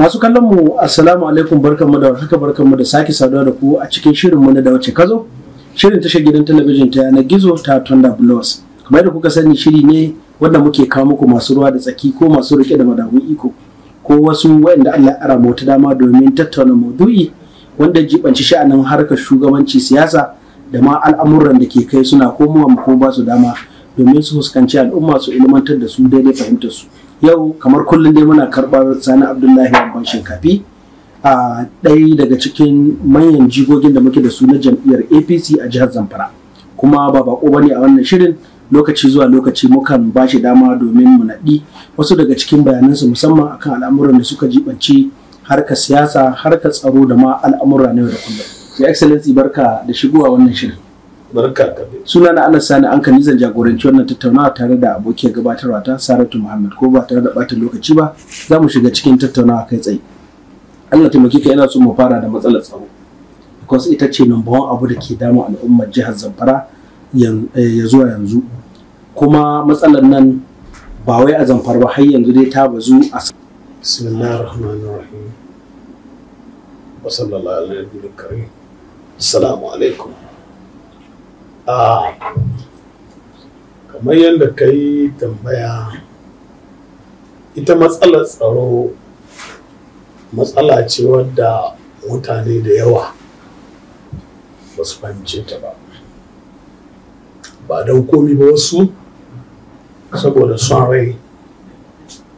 masu kallon mu assalamu alaikum barkanmu da warhaka mu da sake saduwa da ku a cikin shirin mu na da wace kazo shirin tashar gidan talabijin ta yanar gizo ta tonda blues kamar da kuka sani shiri ne wanda muke kawo muku masu ruwa da tsaki ko masu rike da madagun iko ko wasu waɗanda Allah ya arama wata dama domin tattauna maudu'i wanda jibanci sha'anin harkar shugabanci siyasa da ma al'amuran da ke kai suna komowa ko ba su dama domin su fuskanci al'umma su ilmantar da su daidai fahimtar su yau kamar kullum dai muna karɓar sani abdullahi abban shinkafi a ɗaya daga cikin manyan jigogin da muke da su na jam'iyyar apc a jihar zamfara kuma ba bako ba ne a wannan shirin lokaci zuwa lokaci mukan ba shi dama domin mu naɗi wasu daga cikin bayanansu musamman akan al'amuran da suka jibanci harkar siyasa harkar tsaro da ma al'amura na yau da kullum ya excellency barka da shigowa wannan shirin barka ka suna na Allah sani an kanizan jagoranci wannan tattaunawa tare da abokiyar gabatarwa ta Saratu Muhammad ko ba tare da batun lokaci ba za mu shiga cikin tattaunawa kai tsaye Allah taimake ka yana so mu fara da matsalar tsaro because ita ce number one abu da ke damun al'ummar jihar Zamfara eh, ya zuwa yanzu kuma matsalar nan ba wai a Zamfara ba har yanzu dai ta bazu a Bismillahir Rahmanir kamar yadda ka yi tambaya ita matsalar tsaro matsala ce wadda mutane da yawa ba su fahimce ta ba ba don komi ba wasu saboda son rai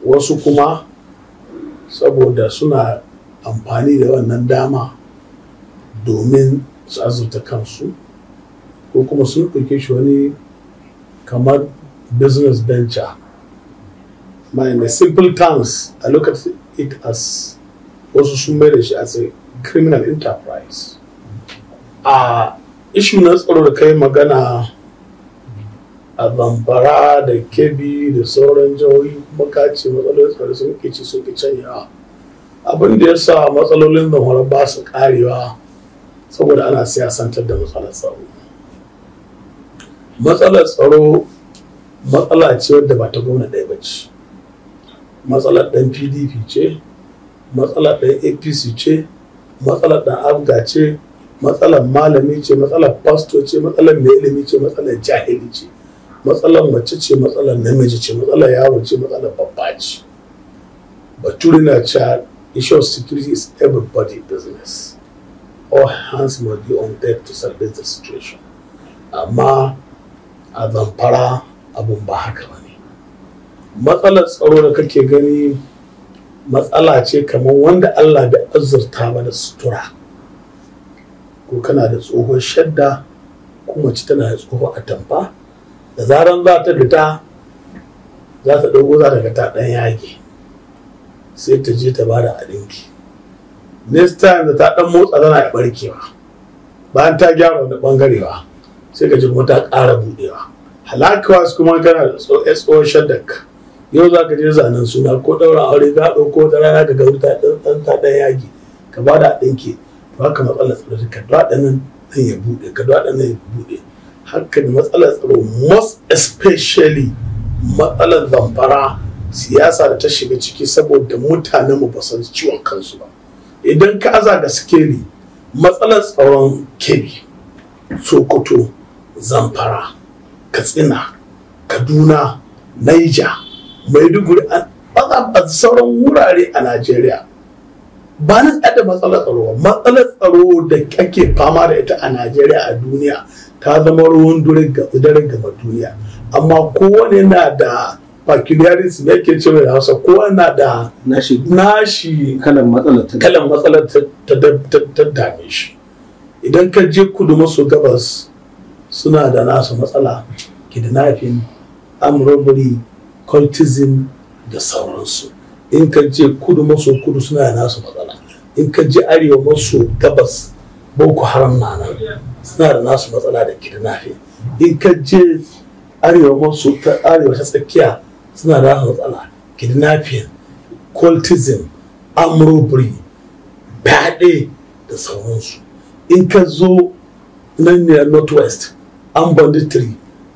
wasu kuma saboda suna amfani da wannan dama domin su azurta kansu ko kuma sun ɗauke shi wani kamar business venture ma in simple terms a look at it as wasu sun mai da shi as a criminal enterprise a ishu na tsaro da kai magana a zambara da kebi da sauran jihohi kuma ka ce matsalolin tsaro sun ke ci sun ke canyawa abin da ya sa matsalolin zamfara ba su karewa saboda ana siyasantar da matsalar tsaro matsalar tsaro matsala ce wadda ba ta gwamna ɗaya ba ce matsalar ɗan pdp ce matsalar ɗan apc ce matsalar ɗan abga ce matsalar malami ce matsalar pasto ce matsalar mai ilimi ce matsalar jahili ce matsalar mace ce matsalar namiji ce matsalar yaro ce matsalar babba ce bature na cewa issue of security is everybody business all hands must be on deck to service the situation amma a zamfara abun ba haka ba ne matsalar tsaro da kake gani matsala ce kamar wanda allah bai azurta ba da sutura ko kana da tsohon shadda kuma ci tana da tsohon atamfa da zaran za ta fita za ta ɗauko za ta ga ta ɗan yage sai ta je ta bada a ɗinki next time da ta ɗan motsa tana ya ɓarkewa bayan ta gyara wani bangarewa. sai ka ji kuma ta ƙara buɗewa su kuma kana da tsohon shaddaka yau za ka je zanen suna ko ɗaura aure za a ɗauko da rana ka ga wuta ɗan ta ɗan yaki ka ba da ɗinki to haka matsalar tsaro ka da nan nan ya buɗe ka da nan ya buɗe haka da matsalar tsaro most especially matsalar zamfara siyasa da ta shiga ciki saboda mutanen mu ba san ciwon kansu ba idan ka aza ga sikeli matsalar tsaron kebi sokoto zamfara katsina kaduna naija maiduguri a sauran wurare a najeriya ba nan da matsalar tsaro matsalar tsaro da ake fama da ita a najeriya a duniya ta zama ruwan daren gaba duniya amma kowane na da peculiarities da yake cewa da hausa kowane na da nashi kalan matsalar ta dame shi idan ka je kudu maso gabas suna da nasu matsala kidnapping armed robbery cultism da sauransu in ka je kudu maso kudu suna da nasu matsala in ka je arewa maso gabas boko haram na nan suna da nasu matsala da kidnapping in ka je arewa maso ta arewa ta tsakiya suna da nasu matsala kidnapping cultism armed robbery fyaɗe da sauransu in ka zo nan ne northwest an banditry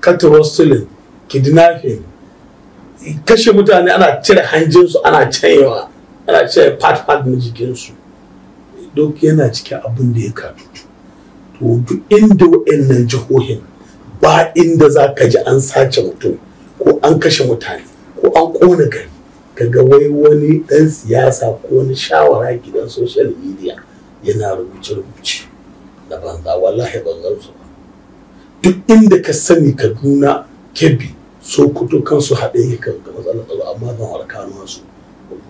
cattle stealing kidnapping kashe mutane ana cire hanjinsu ana canyewa ana cire part part na jikinsu duk yana cikin abin da ya kaɗu to duk inda wa'annan jihohin ba inda za ka ji an sace mutum ko an kashe mutane ko an kone gari kaga wai wani ɗan siyasa ko wani shawara gidan social media yana rubuce-rubuce da banza wallahi ban su ba duk inda ka sani kaduna kebbi so kuto kansu haɗe yake kan matsalar tsaro amma don alkanuwa su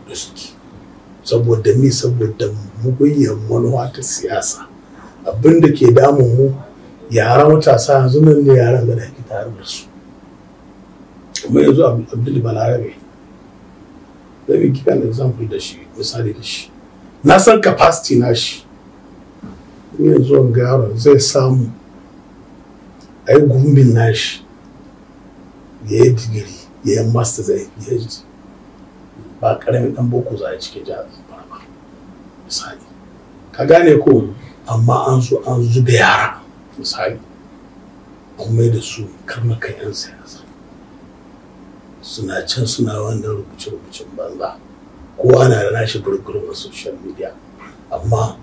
da suke saboda ni saboda mugunyan manuwa ta siyasa abin da ke damun mu yara matasa yanzu nan ne yaran da ake tare da su kuma yanzu abdul balarabe zan yi kiran example da shi misali da shi na san capacity na shi yanzu ga yaron zai samu ai gumbin nashi ya yi digiri ya yi master zai phd ba karamin dan boko za a cike jihar ba misali ka gane ko amma an zo an zube yara misali an mai da su karnuka yan siyasa suna can suna wannan rubuce-rubucen banza kowa na da nashi a social media amma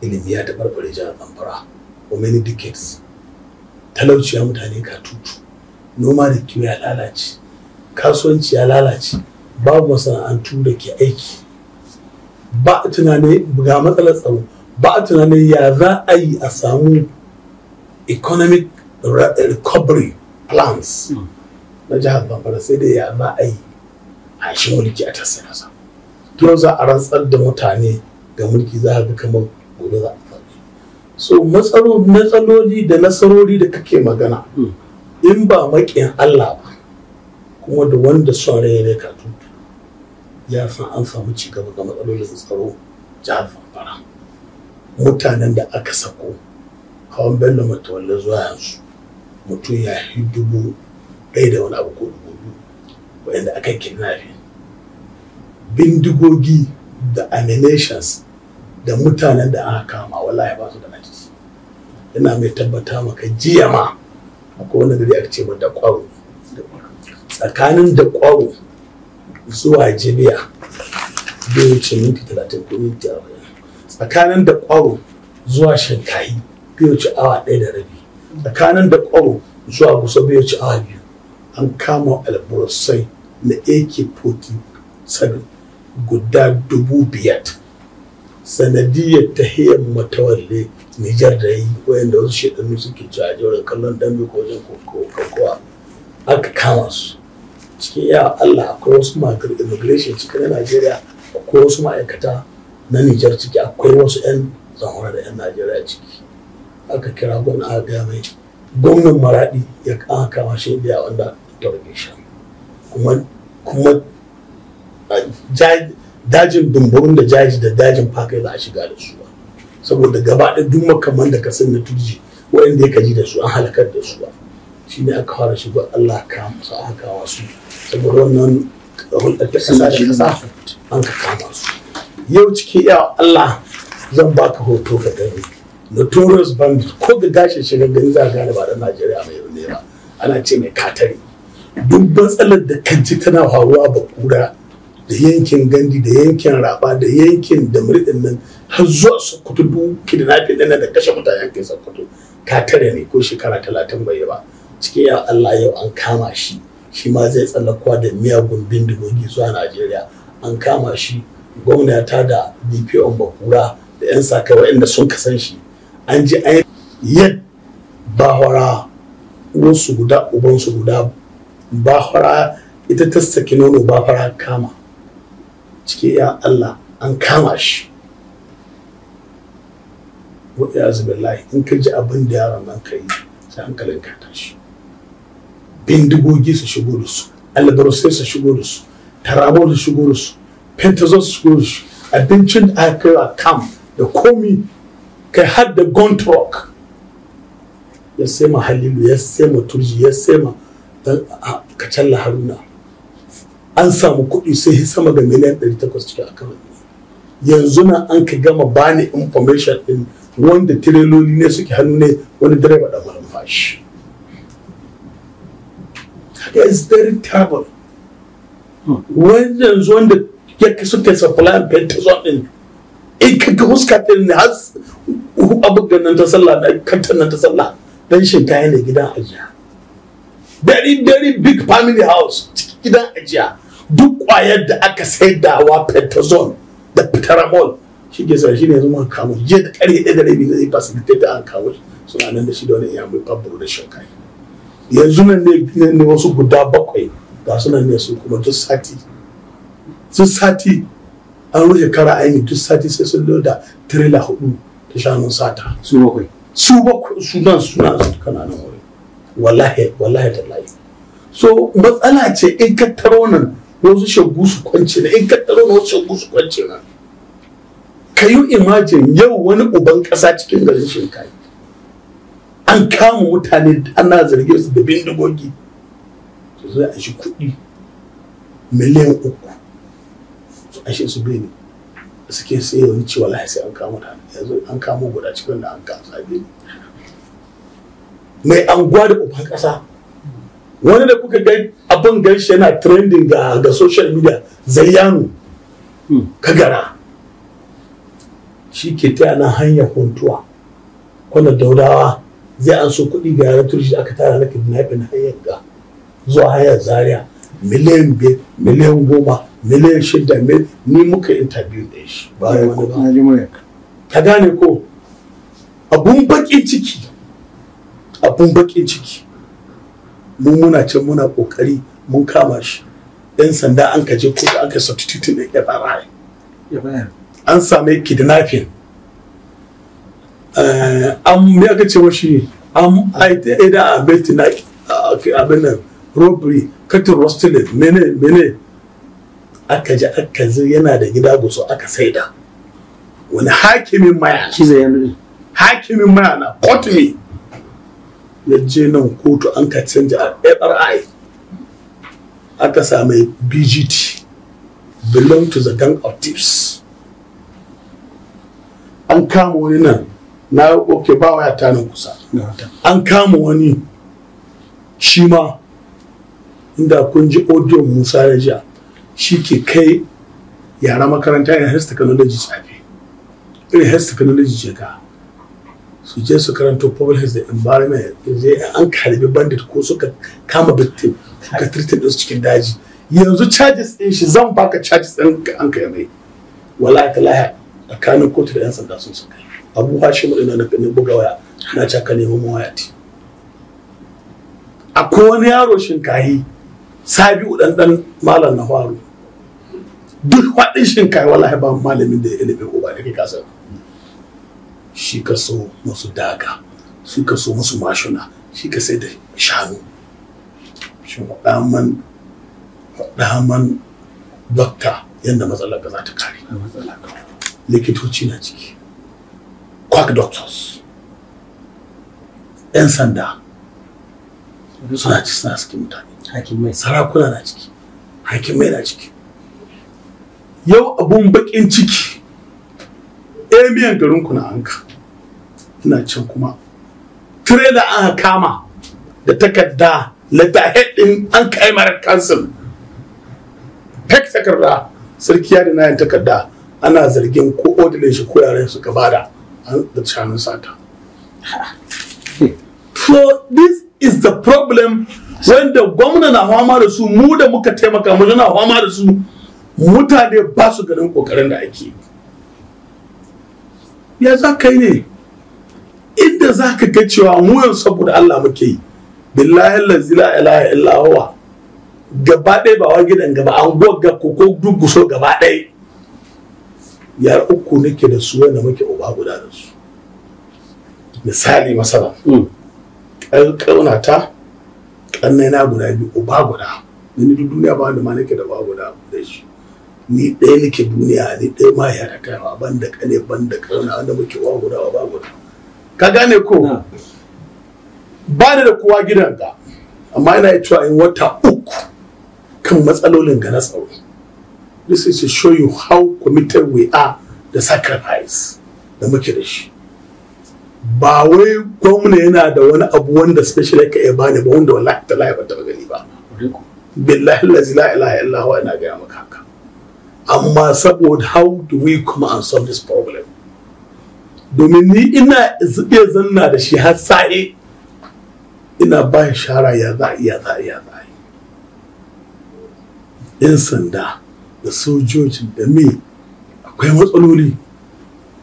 ilimi ya taɓarɓare jihar zamfara for many decades talauci ya mutane ka tutu noma da kiwo ya lalace kasuwanci ya lalace babu masana'antu da ke aiki ba a tunanin ga matsalar tsaro ba a tunanin ya za a yi a samu economic recovery plans na jihar bambara sai dai ya za a yi a shi mulki a tasirasa yau za a rantsar da mutane ga mulki za a ga kamar gobe za a so matsaloli da nasarori da kake magana hmm. in ba maƙin Allah ba kuma da wanda son ya ne ka ya san an samu ci gaba ga matsalolin tsaro jihar Zamfara mutanen da aka sako hawan bello matawalle zuwa yanzu mutum ya yi dubu ɗaya da wani abu ko dubu biyu waɗanda aka kidnapping bindigogi da animations da mutanen da aka kama wallahi ba su da ina mai tabbata maka jiya ma akwai wani gari a ce da kwaro tsakanin da kwaro zuwa jibiya bai wuce minti talatin ko minti arba'in tsakanin da kwaro zuwa shankahi bai wuce awa ɗaya da rabi tsakanin da kwaro zuwa gusa bai wuce awa biyu an kama alburusai na ak-47 guda dubu biyar sanadiyar tahiyar matawalle Nijar da yi da wasu shekaru suke ci a jerin kallon dambe ko wajen kokowa aka kama su cikin ya Allah akwai wasu immigration cikin na Najeriya akwai wasu ma'aikata na Nijar ciki akwai wasu 'yan zamora da 'yan Najeriya ciki aka kira gwamna a gaya mai gwamnan maraɗi ya kama kama shi biya wanda tarbe shi kuma kuma dajin dumburin da jaji da dajin fakai za a shiga da su saboda gaba da duk makaman da ka san na turji waɗanda ya ji da su an halakar da su ba shi ne aka fara shigo Allah ka musu aka kawo su saboda wannan hulɗar ta an ka kama su yau cikin ya Allah zan baka hoto ka gani notorious Band, ko ga gashin shiga gani za gane ba da Najeriya mai ne ba ana ce mai katari duk matsalar da kanci tana faruwa ba kura da yankin gandi da yankin raba da yankin da murɗin nan har zuwa sokoto duk kidnapping nan da kashe mutane kai sokoto ka tare ne ko shekara talatin bai yi ba cikin ya Allah yau an kama shi shi ma zai tsallakuwa da miyagun bindigogi zuwa Najeriya an kama shi gwamnata da DPO Bakura da 'yan sakai waɗanda sun kasan shi an ji an yad bahora uwansu guda ubansu guda bahora ita ta saki nono bahora kama cike ya Allah an kama shi wa iyazu in ka ji abin da yaron nan kai sai hankalin ka tashi bindigogi su shigo da su albarusai su shigo da su tarabo su shigo da su pentazol su shigo da su abincin da aka kai a kam da komi kai har da gontrok ya sai ma halilu ya sai ma turji ya sai ma kacalla haruna an samu kuɗi sai sama ga miliyan 800 cikin akawun yanzu na an ka gama bani information din wanda tireloli ne suke hannu ne wani direba da ba fashi is very terrible wannan zuwan da ya kasu suke supply and pentazon din in ka ga huska din ne has abin da nan ta sallah da kantar nan ta sallah dan shi ne gidan ajiya very very big family house gidan ajiya duk kwayar da aka saidawa pentazon da pteramol shi ke shi ne zuma kamun je da ƙarfe ɗaya da rabi zai facilitate da an kawo suna nan da shi da wani iya mai fabbaro da shankai yanzu nan ne wasu guda bakwai ga suna ne su kuma duk sati duk sati an rufe kara aini duk sati sai sun lo da tirela hudu ta shanun sata su bakwai su bakwai su nan suna su kana nan wuri wallahi wallahi tallahi so matsala ce in ka taro nan wasu shagu su kwance na in kattaro na wasu shagu su kwance na ka yi imajin yau wani uban ƙasa cikin garin shinkai an kama mutane ana zarge su da bindigogi su zai a shi kuɗi miliyan uku su ashe su bene suke sai wani cewa lahi sai an kama mutane yanzu an kama guda cikin da an kama sabi mai anguwa da uban ƙasa wani da kuka ga abin ganshi yana trending ga, ga social media zayyanu hmm. kagara shi ke ta yana hanyar huntuwa kwanar daudawa zai an so kuɗi ga yaran turshi aka tara na kidnapping hanyar ga zuwa hanyar zaria miliyan biyar miliyan goma miliyan shida ni muka interview da shi ba ya wani ba ka gane ko abun bakin ciki abun bakin ciki Mun muna can muna kokari mun kama shi yan sanda an kaje ko kai substitute ne ya bara an same kidnapping eh, an me aka ce washi an aida eh, a belti na abin nan robbery katin rostilin mene mene aka ji aka zai yana da gida guso aka saida wani hakimin maya hakimin maya na kotumi ya je nan kotu an ka canja a fri aka sami bgt belong to the gang of thieves an kama wani nan na oke ba waya ta nan kusa an kama wani shi ma inda kun ji audio musa ya jiya shi ke kai yara makaranta irin health technology tsafi irin health technology ce ka su je su karanto public health da environment je an karbi bandit ko suka kama victim suka treated din cikin daji yanzu charges din shi zan baka charges din an kai mai wallahi talaha tsakanin kotu da yan sanda sun suka abu hashim din na ganin buga waya na caka neman mawayati akwai wani yaro shinkayi sabiu dan dan malam na faru duk faɗin shinkayi wallahi ba malamin da ya ilimin uba da kasa shi ka so musu daga shi ka so musu mashuna shi ka sai da shanu shi faɗaman faɗaman bakta. yadda matsalar ka za ta kare likitoci na ciki quack doctors 'yan sanda suna ci suna suke mutane hakimai sarakuna na ciki hakimai na ciki yau abun bakin ciki emiyan garinku na hanka ina can kuma tirela an kama da takarda letterhead din an kai mara kansil Pek takarda sarki da nayin takarda ana zargin ko odilin shi ko yaren suka bada da shanun sata so this is the problem wanda gwamna na fama da su mu da muka taimaka mu na fama da su mutane ba su ganin kokarin da ake yi ya za ka yi ne inda za ka ga cewa muyan saboda Allah muke yi billahi lazi la ilaha illa huwa gaba ɗaya ba wa gidan gaba an gogga ko ko so gaba ɗaya yar uku nake da su wanda muke uba guda da su misali masala ƙauna hmm. ƙaunata ƙannai na guda biyu uba guda ni duk duniya ba wanda ma nake da uba guda da shi ni ɗaya nake duniya ni ɗaya ma ya wa ban da kane ban da kauna wanda muke wa guda wa ba guda ka gane ko ba ni da kowa gidan ga amma ina cewa in wata uku kan matsalolin ga na tsaro this is to show you how committed we are da sacrifice da muke da shi ba wai gwamna yana da wani abu wanda special ka ya bani ba wanda wallahi ta lahi ba ta gani ba billahi la ilaha illa huwa ina ga maka amma saboda how do we come and solve this problem domin ni ina zube zanna da shi har sa'i ina ba shi shara ya za ya za ya za yan sanda da sojoji da me akwai matsaloli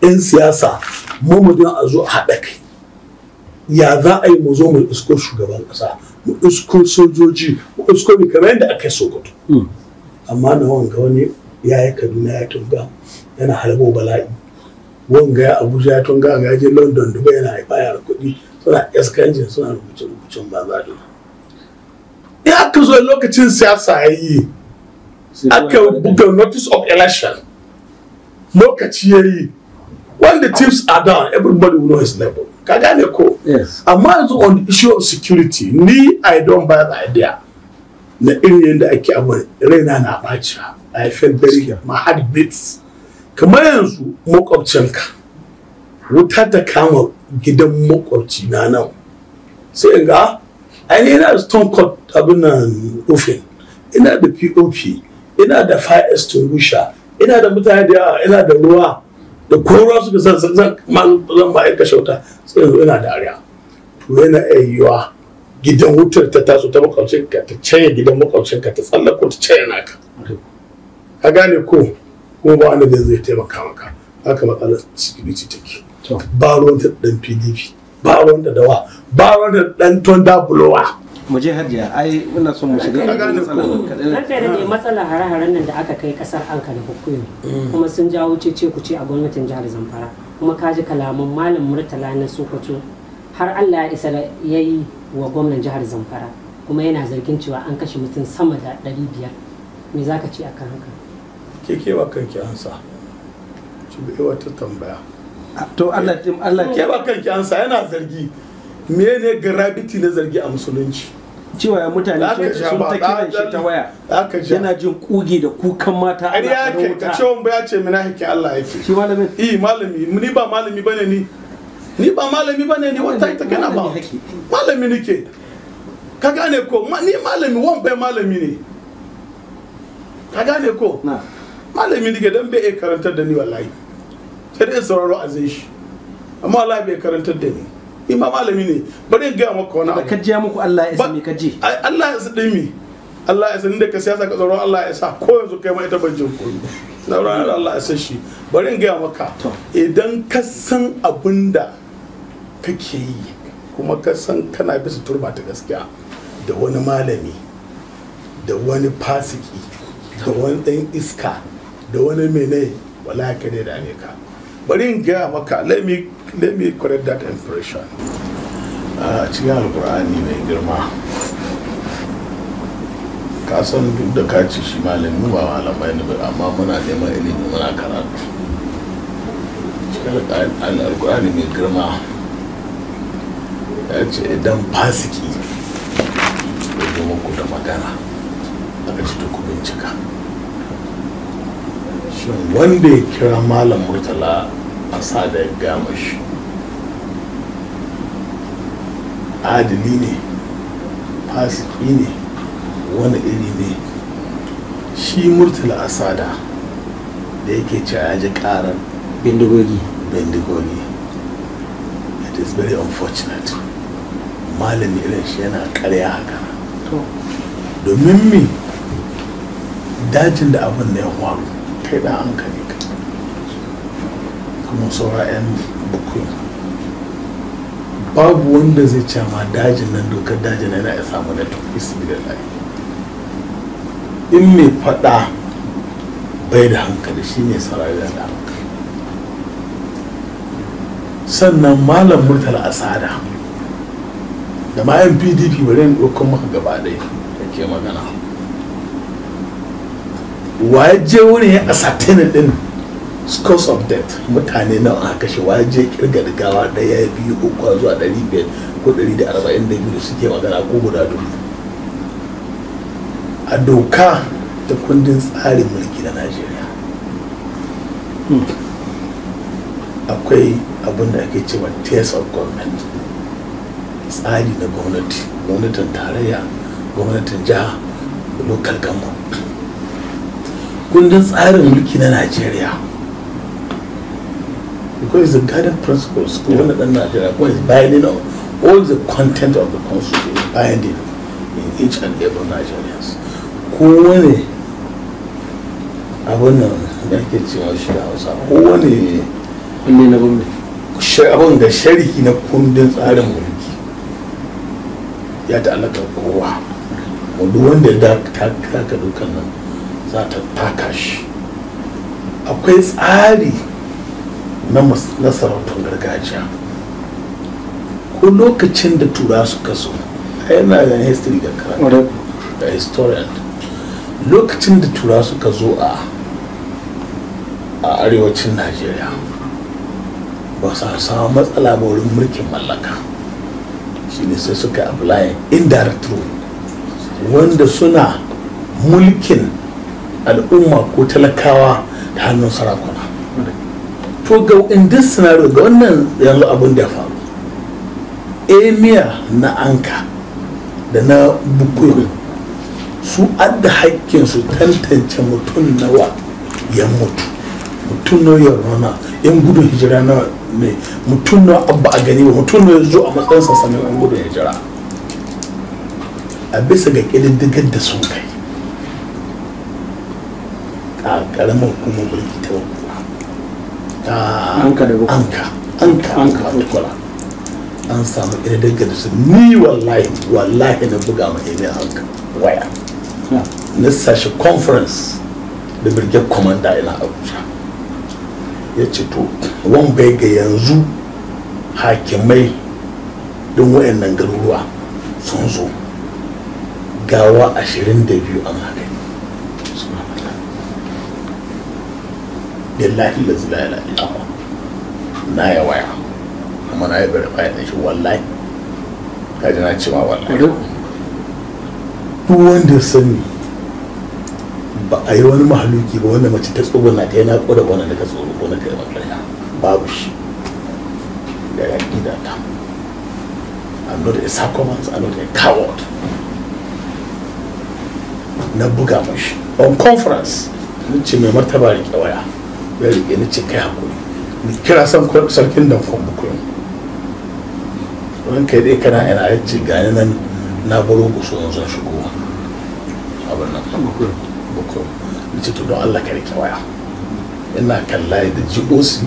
yan siyasa mu a zo a haɗa kai ya za a yi mu zo mu isko shugaban ƙasa mu isko sojoji mu isko ne kamar yadda aka yi sokoto hmm. amma na wanga wani ya yi kaduna ya tunga yana halabo bala'i wanga ya abuja ya tunga ga je london dubai yana haifa ya kuɗi suna eskanjin suna rubuce rubucen ba za da ya aka zo lokacin siyasa ya yi aka buga notice of election lokaci ya yi when the tips are down everybody will know his level ka gane ko amma yanzu on the issue of security ni i don't buy the idea na irin yadda ake abu raina na bacira A felt very my heart beats kamar yanzu makwabcinka wuta ta kama gidan makwabci na nan sai ga ai ina stone abin nan ofin ina da pop ina da fire extinguisher ina da mutane da yawa ina da ruwa da kowa suka san san zan ba aika shauta sai yanzu ina dariya to yana ayyuwa gidan wutar ta taso ta makwabcinka ta canye gidan makwabcinka ta tsallako ta canye naka a gane ko kuma ba wanda zai taimaka maka haka matsalar security take ba ruwan dan pdp ba ruwan da dawa ba ruwan da dan tonda bulowa mu je hajiya ai muna son mu shiga ranka da ne matsalar hare-haren nan da aka kai kasar anka da hukumi mm. kuma sun jawo cece ku ce a gwamnatin jihar zamfara kuma ka ji kalaman malam murtala na sokoto har allah ya isa ya yi wa gwamnan jihar zamfara kuma yana zargin cewa an kashe mutum sama da 500 me za ka ce akan haka ke ba kanki ansa ci bai wata tambaya to Allah tim Allah kewa kanki ansa yana zargi ne gravity na zargi a musulunci cewa mutane sun ta kiran shi ta waya yana jin kugi da kukan mata a ya ke ka ce ba ya ce mina hake Allah yake shi malami eh malami ni ba malami bane ni ni ba malami bane ni wata ita kana ba malami ke ka gane ko ni malami wan bai malami ne ka gane ko malami nake don bai karantar da ni wallahi sai dai sauraro a zai shi amma wallahi bai karantar da ni ni ma malami ne bari in gaya maka wani abu ka je muku Allah ya sani ka je Allah ya sani mi Allah ya sani da ka siyasa ka tsaro Allah ya sa ko yanzu kai ma ita ban jin koyi sauraron Allah ya sani shi bari in gaya maka idan ka san abinda kake yi kuma ka san kana bisa turba ta gaskiya da wani malami da wani fasiki da wani ɗan iska da wani mene wala ka da ne ka bari in gaya maka let me let me correct that impression a cikin alkur'ani mai girma ka san duk da ka ci shi malami ba malamai ne amma muna neman ilimi muna karatu cikin alkur'ani mai girma ya ce idan fasiki ya zama muku da magana aka ci ta ku bincika shin wanda ya kira malam murtala a sada gama shi adali ne fasiki ne wani iri ne shi murtala asada da yake ce ya ji karar bindigogi bindigogi it is very unfortunate malami irin shi yana karya haka domin mi dajin da abin da ya faru kai dan hankali kuma saura yan bukwai babu wanda zai ce ma dajin nan dokar dajin yana ya samu da tafi da lai in mai faɗa bai da hankali shi ne sarari da hankali sannan malam murtala tsada da ma yan pdp bari in ɗaukar maka gaba ɗaya da ke magana waje je wurin a satin din scores of death mutane nawa a kashe waje je kirga da gawa da ya biyu uku zuwa 500 ko ɗari da biyu suke magana ko guda dubu a doka ta kundin tsarin mulki na Najeriya hmm. akwai abin da ake cewa test of government tsari na gwamnati gwamnatin tarayya gwamnatin jiha local government kundin tsarin mulki na najeriya because the guiding principles ko wani dan najeriya ko is binding on all the content of the constitution is binding in each and every nigerians wani abun nan da ke cewa shi da hausa ko wani kundin na gwamnati abun da shariki na kundin tsarin mulki ya ta'allaka kowa wanda wanda da ta kaka dukan nan za ta taka shi akwai tsari na sarautun gargajiya ko lokacin da tura suka so yana da history da karatu da historian lokacin da tura suka zo a a arewacin najeriya ba sa samu matsala ba wurin mulkin mallaka shine sai suka apply indirect rule wanda suna mulkin al'umma ko talakawa da hannun sarakuna to ga in this scenario ga wannan yanzu abin da ya faru emir na anka da na bukuyo su adda haƙƙin su tantance mutum nawa ya mutu mutum nawa ya rana yan gudun hijira na ne mutum nawa abba a gani ba mutum nawa ya zo a matsayin sassanin yan gudun hijira a bisa ga ƙididdigar da sun kai karamar kuma mulki ta anka da anka anka anka tukwala an samu ina daga da su ni wallahi wallahi na buga ma ina anka waya na sashi conference da birgit commander ina abuja ya ce to wan bai ga yanzu hakimai don wayannan garuruwa sun zo gawa ashirin da biyu a magani billahi la zila ila ila na ya waya kuma na yi bari bayan shi wallahi kaji na cewa wallahi duk wanda sani ba a yi wani mahaluki ba wanda mace ta tsogo na ta yana koda wani da ta tsoro ko na ta yi makarya babu shi da ya gida ta I'm not a sacrament, I'm not a coward. na buga mashi on conference ce mai martaba da waya ya rike ni ce kai hakuri ni kira san sarkin dan kun buku wani kai dai kana yana ya ce gani nan na baro ku so zan shigo abin nan buku ni ce to don Allah ka rike waya ina kallaye da jibosi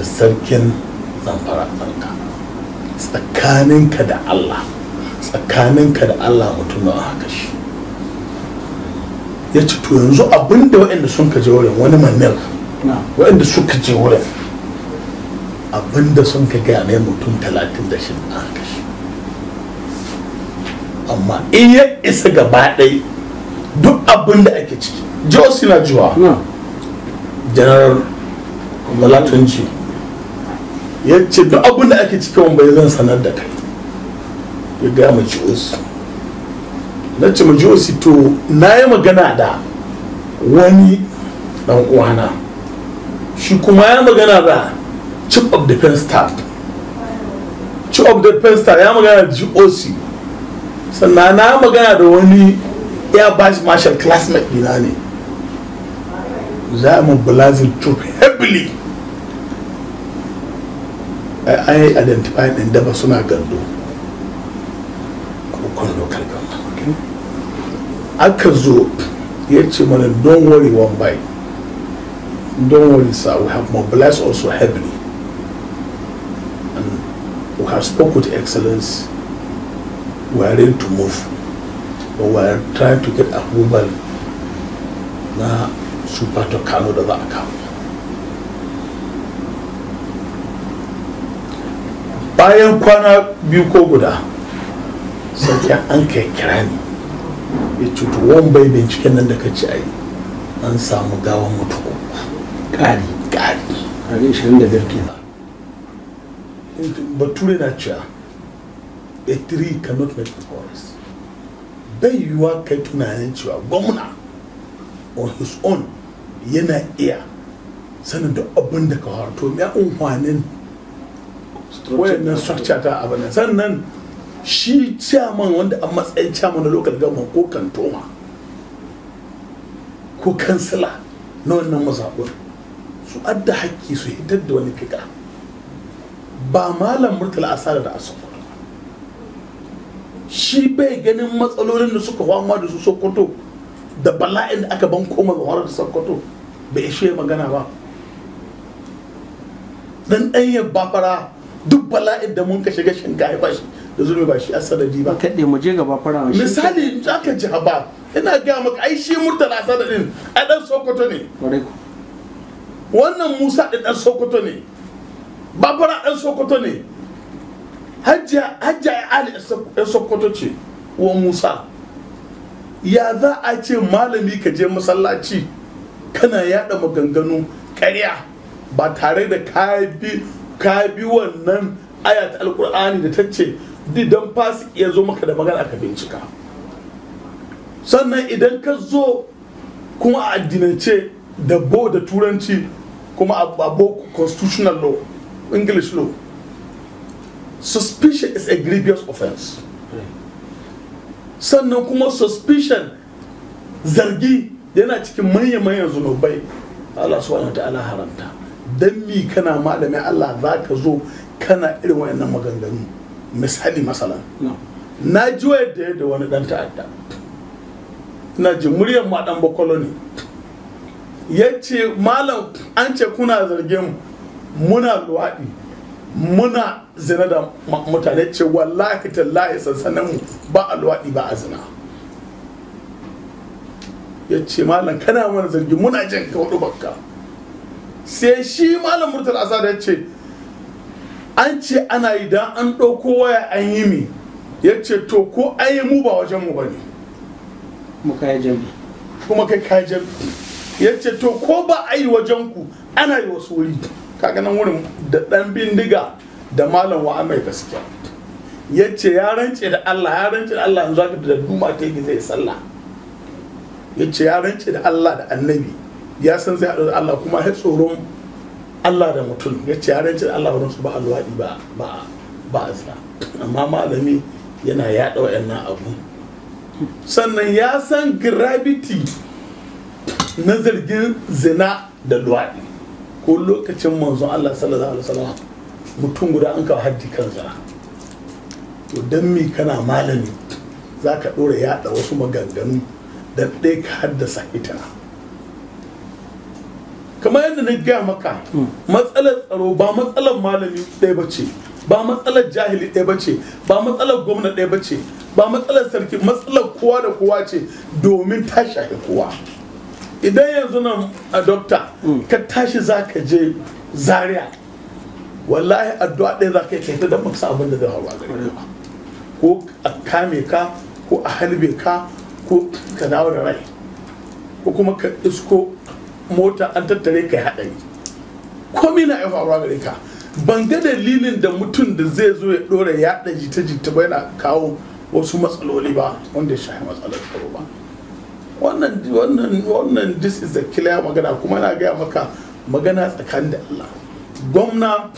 da sarkin zamfara ɗanka tsakaninka da Allah tsakaninka da Allah mutumin haka shi ya ci to yanzu abinda waɗanda sun kaje wurin wani manil waɗanda sun kaje wurin abinda sun ka gaya mai mutum talatin da shin an kashe amma in ya isa gaba ɗai duk abinda ake ciki jiwa suna jiwa general malatunci ya ce duk abinda ake ciki wani bai zan sanar da kai ya gaya ma jiwa su na ce wasu to na yi magana da wani dan uwana shi kuma ya magana da chief of defense staff chief of defense staff ya magana da goc sannan na magana da wani air vice marshal classmate dina ne za mu mobilizing troop heavily yi identify ɗin daba suna gando aka zo ya ce mana don worry one by don worry sir we have mobilized also heavily and we have spoke with excellence we are ready to move but we are trying to get approval na super to kano da za a kawo bayan kwana biyu ko guda sai an kai kira ni ya bai binciken nan da ka ci ai an samu gawan mutu ƙari ƙari ƙari 25 kenan eh, bature na cewa a tree cannot make the forest bai yiwuwa kai tunanin cewa gwamna on his own yana iya sanin da abin da ka harto ya unhwanin wayannan structure ta abin sannan shi chairman wanda a matsayin chairman na local government ko kantoma ko kansila na wannan mazaɓar su adda haƙƙi su hitar da wani fika ba malam murtala asara da asaba shi bai ganin matsalolin da suka fama da su sokoto da bala'in da aka ban koma ga da sokoto bai ishe magana ba dan ɗanyen bafara duk bala'in da mun ka shiga shinkafa ba shi da zulmi ba shi asadadi ba kaɗe mu je gaba fara shi misali zaka ji haba ina ga maka ai shi murtala asadadin a dan sokoto ne wannan musa da dan sokoto ne babura dan sokoto ne hajja hajja ali dan sokoto ce wa musa ya za a ce malami ka je masallaci kana yada maganganu kariya ba tare da ka bi wannan ayat alkur'ani da ta ce dan fasik ya zo maka da magana ka bincika sannan idan ka zo kuma a addinance da bo da turanci kuma a bo constitutional law english law suspicion is a grievous offense sannan kuma suspicion zargi yana cikin manya-manyan zunubai Allah subhanahu ta'ala haramta don mi kana malamin Allah za ka zo kana irin wayannan maganganu misali masala na ji yadda yadda wani dan ta'adda na ji muryar ma dan bakwalo ne ya ce malam an ce kuna zargin muna luwaɗi muna zina da mutane ce wallahi tallahi sansanin ba a luwaɗi ba a zina ya ce malam kana mana zargi muna jin ka hudu bakka sai shi malam murtala asada ya ce an ce ana yi an ɗauko waya an yi mi ya ce to ko an yi mu ba wajen mu bane mu kai kuma kai kai jami ya ce to ko ba a yi wajen ku ana yi wasu wuri kaga nan wurin da ɗan bindiga da malam wa mai gaskiya ya ce ya rance da Allah ya rance da Allah yanzu haka da duma ta yi zai sallah ya ce ya rance da Allah da annabi ya san zai haɗu da Allah kuma ya tsoron Allah da mutum ya ce yarancin Allah wurin su ba alwaɗi ba ba a azra amma malami yana yaɗa waɗannan abu sannan ya san gravity na zargin zina da luwaɗi ko lokacin manzon Allah sallallahu alaihi wasallam mutum guda an kawo haddi kan to don mi kana malami zaka ka ɗora yaɗa wasu maganganu da ɗaya ka haddasa ita. kamar yadda na gaya maka matsalar tsaro ba matsalar malami ɗaya ba ce ba matsalar jahili ɗaya ba ce ba matsalar gwamna ɗaya ba ce ba matsalar sarki matsalar kowa da kowa ce domin ta shafi kowa idan yanzu nan a dokta ka tashi za ka je zaria wallahi addu'a ɗaya za ka yi da maksa abin da zai gare ko a kame ka ko a halbe ka ko ka dawo da rai ko kuma ka isko mota an tattare kai haɗari ko na iya faru gare ka ban ga dalilin da mutum da zai zo ya ɗora yaɗa jita-jita ba yana kawo wasu matsaloli ba wanda ya shahi matsalar tsaro ba wannan wannan wannan this is a clear magana kuma na gaya maka magana tsakanin da Allah gwamna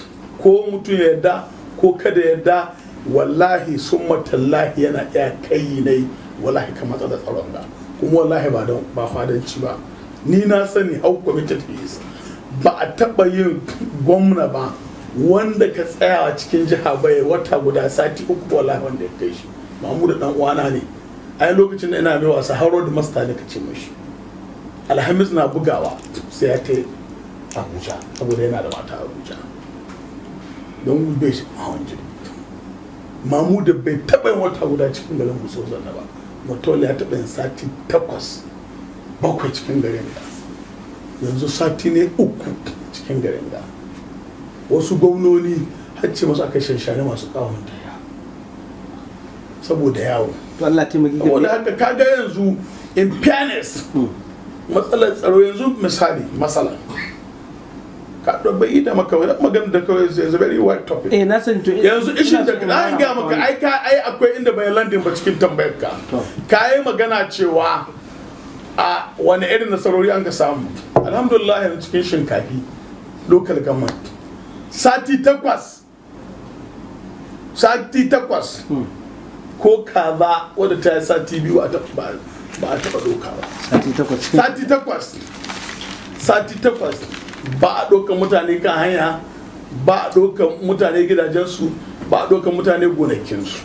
ko mutum ya yarda ko kada yarda wallahi sun matallahi yana iya kai ne wallahi kamar tsaron da kuma wallahi ba fadanci ba ni na sani how committed he is ba a taba yin gwamna ba wanda ka tsaya a cikin jiha bai wata guda sati uku wallahi wanda ya kai shi mahmudu dan uwana ne ai lokacin da ina mai wasa haro da master ne kace mishi alhamis na bugawa sai ya kai abuja saboda yana da mata abuja don be shi hawan jirgi mahmudu bai taɓa yin wata guda cikin garin gusozo na ba mutum ya taɓa yin sati takwas bakwai cikin dare da yanzu sati ne uku cikin dare da wasu gwamnoni hacce masu aka shanshari masu kawon daya saboda yawo wani haka kaga yanzu in fairness hmm. matsalar tsaro yanzu misali masala ka yi da maka wani magana da kawai zai a very white topic eh na san to yanzu ishin da na ga maka ai ka ai akwai inda bai landin ba cikin tambayar ka ka yi magana cewa a wani irin nasarori an ka samu alhamdulillah yanzu cikin shinkafi local government sati takwas sati takwas hmm. ko kaza wadda ta yi sati biyu a ba a taba doka ba sati takwas sati takwas ba a dokan mutane kan hanya ba a dokan mutane gidajensu ba a dokan mutane gonakinsu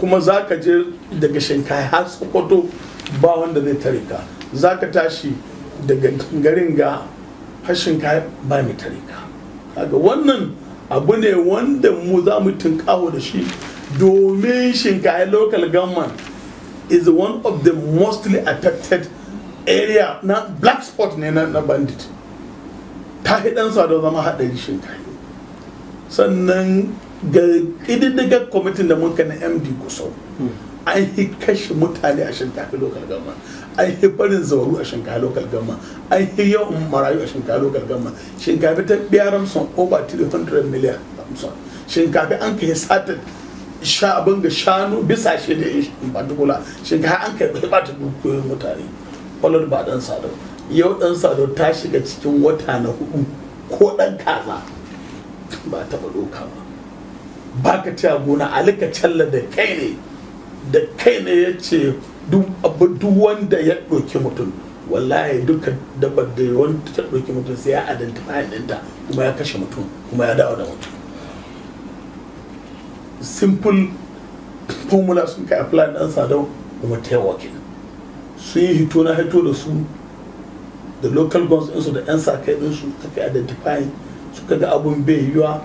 kuma za ka je daga shinkai har sokoto ba wanda zai tare ka za ka tashi daga garin ga hashin ka ba mai tare ka kaga wannan abu ne wanda mu za mu tunkawo da shi domin shinkaye local government is one of the mostly affected area na black spot ne na, bandit ta sa da zama haɗari shinkaye sannan ga ƙididdigar kwamitin da muka na md kusa hmm. an yi kashe mutane a shinkafi lokal gama an yi barin zauru a shinkafi lokal gama an yi yawan marayu a shinkafi lokal gama shinkafi ta biya ramson over 300 miliyan ramson shinkafi an kai satin sha abin ga shanu bisa shi da in particular shinkafi an kai ba ta dukkan mutane kwallon ba dan sado yau dan sado ta shiga cikin wata na hudu ko dan kaza ba ta doka ba ba ka ta gona alika challa da kai ne da kai ne ya ce duk wanda ya ɗauki mutum wallahi duka dabbar da wanda ta ɗauki mutum sai ya identify ɗinta kuma ya kashe mutum kuma ya dawo da mutum simple formula sun kai apply ɗan sadau kuma ta yawakin sun yi hito na hito da su da local guns ɗinsu da 'yan kai ɗinsu aka identify suka ga abun bai yiwa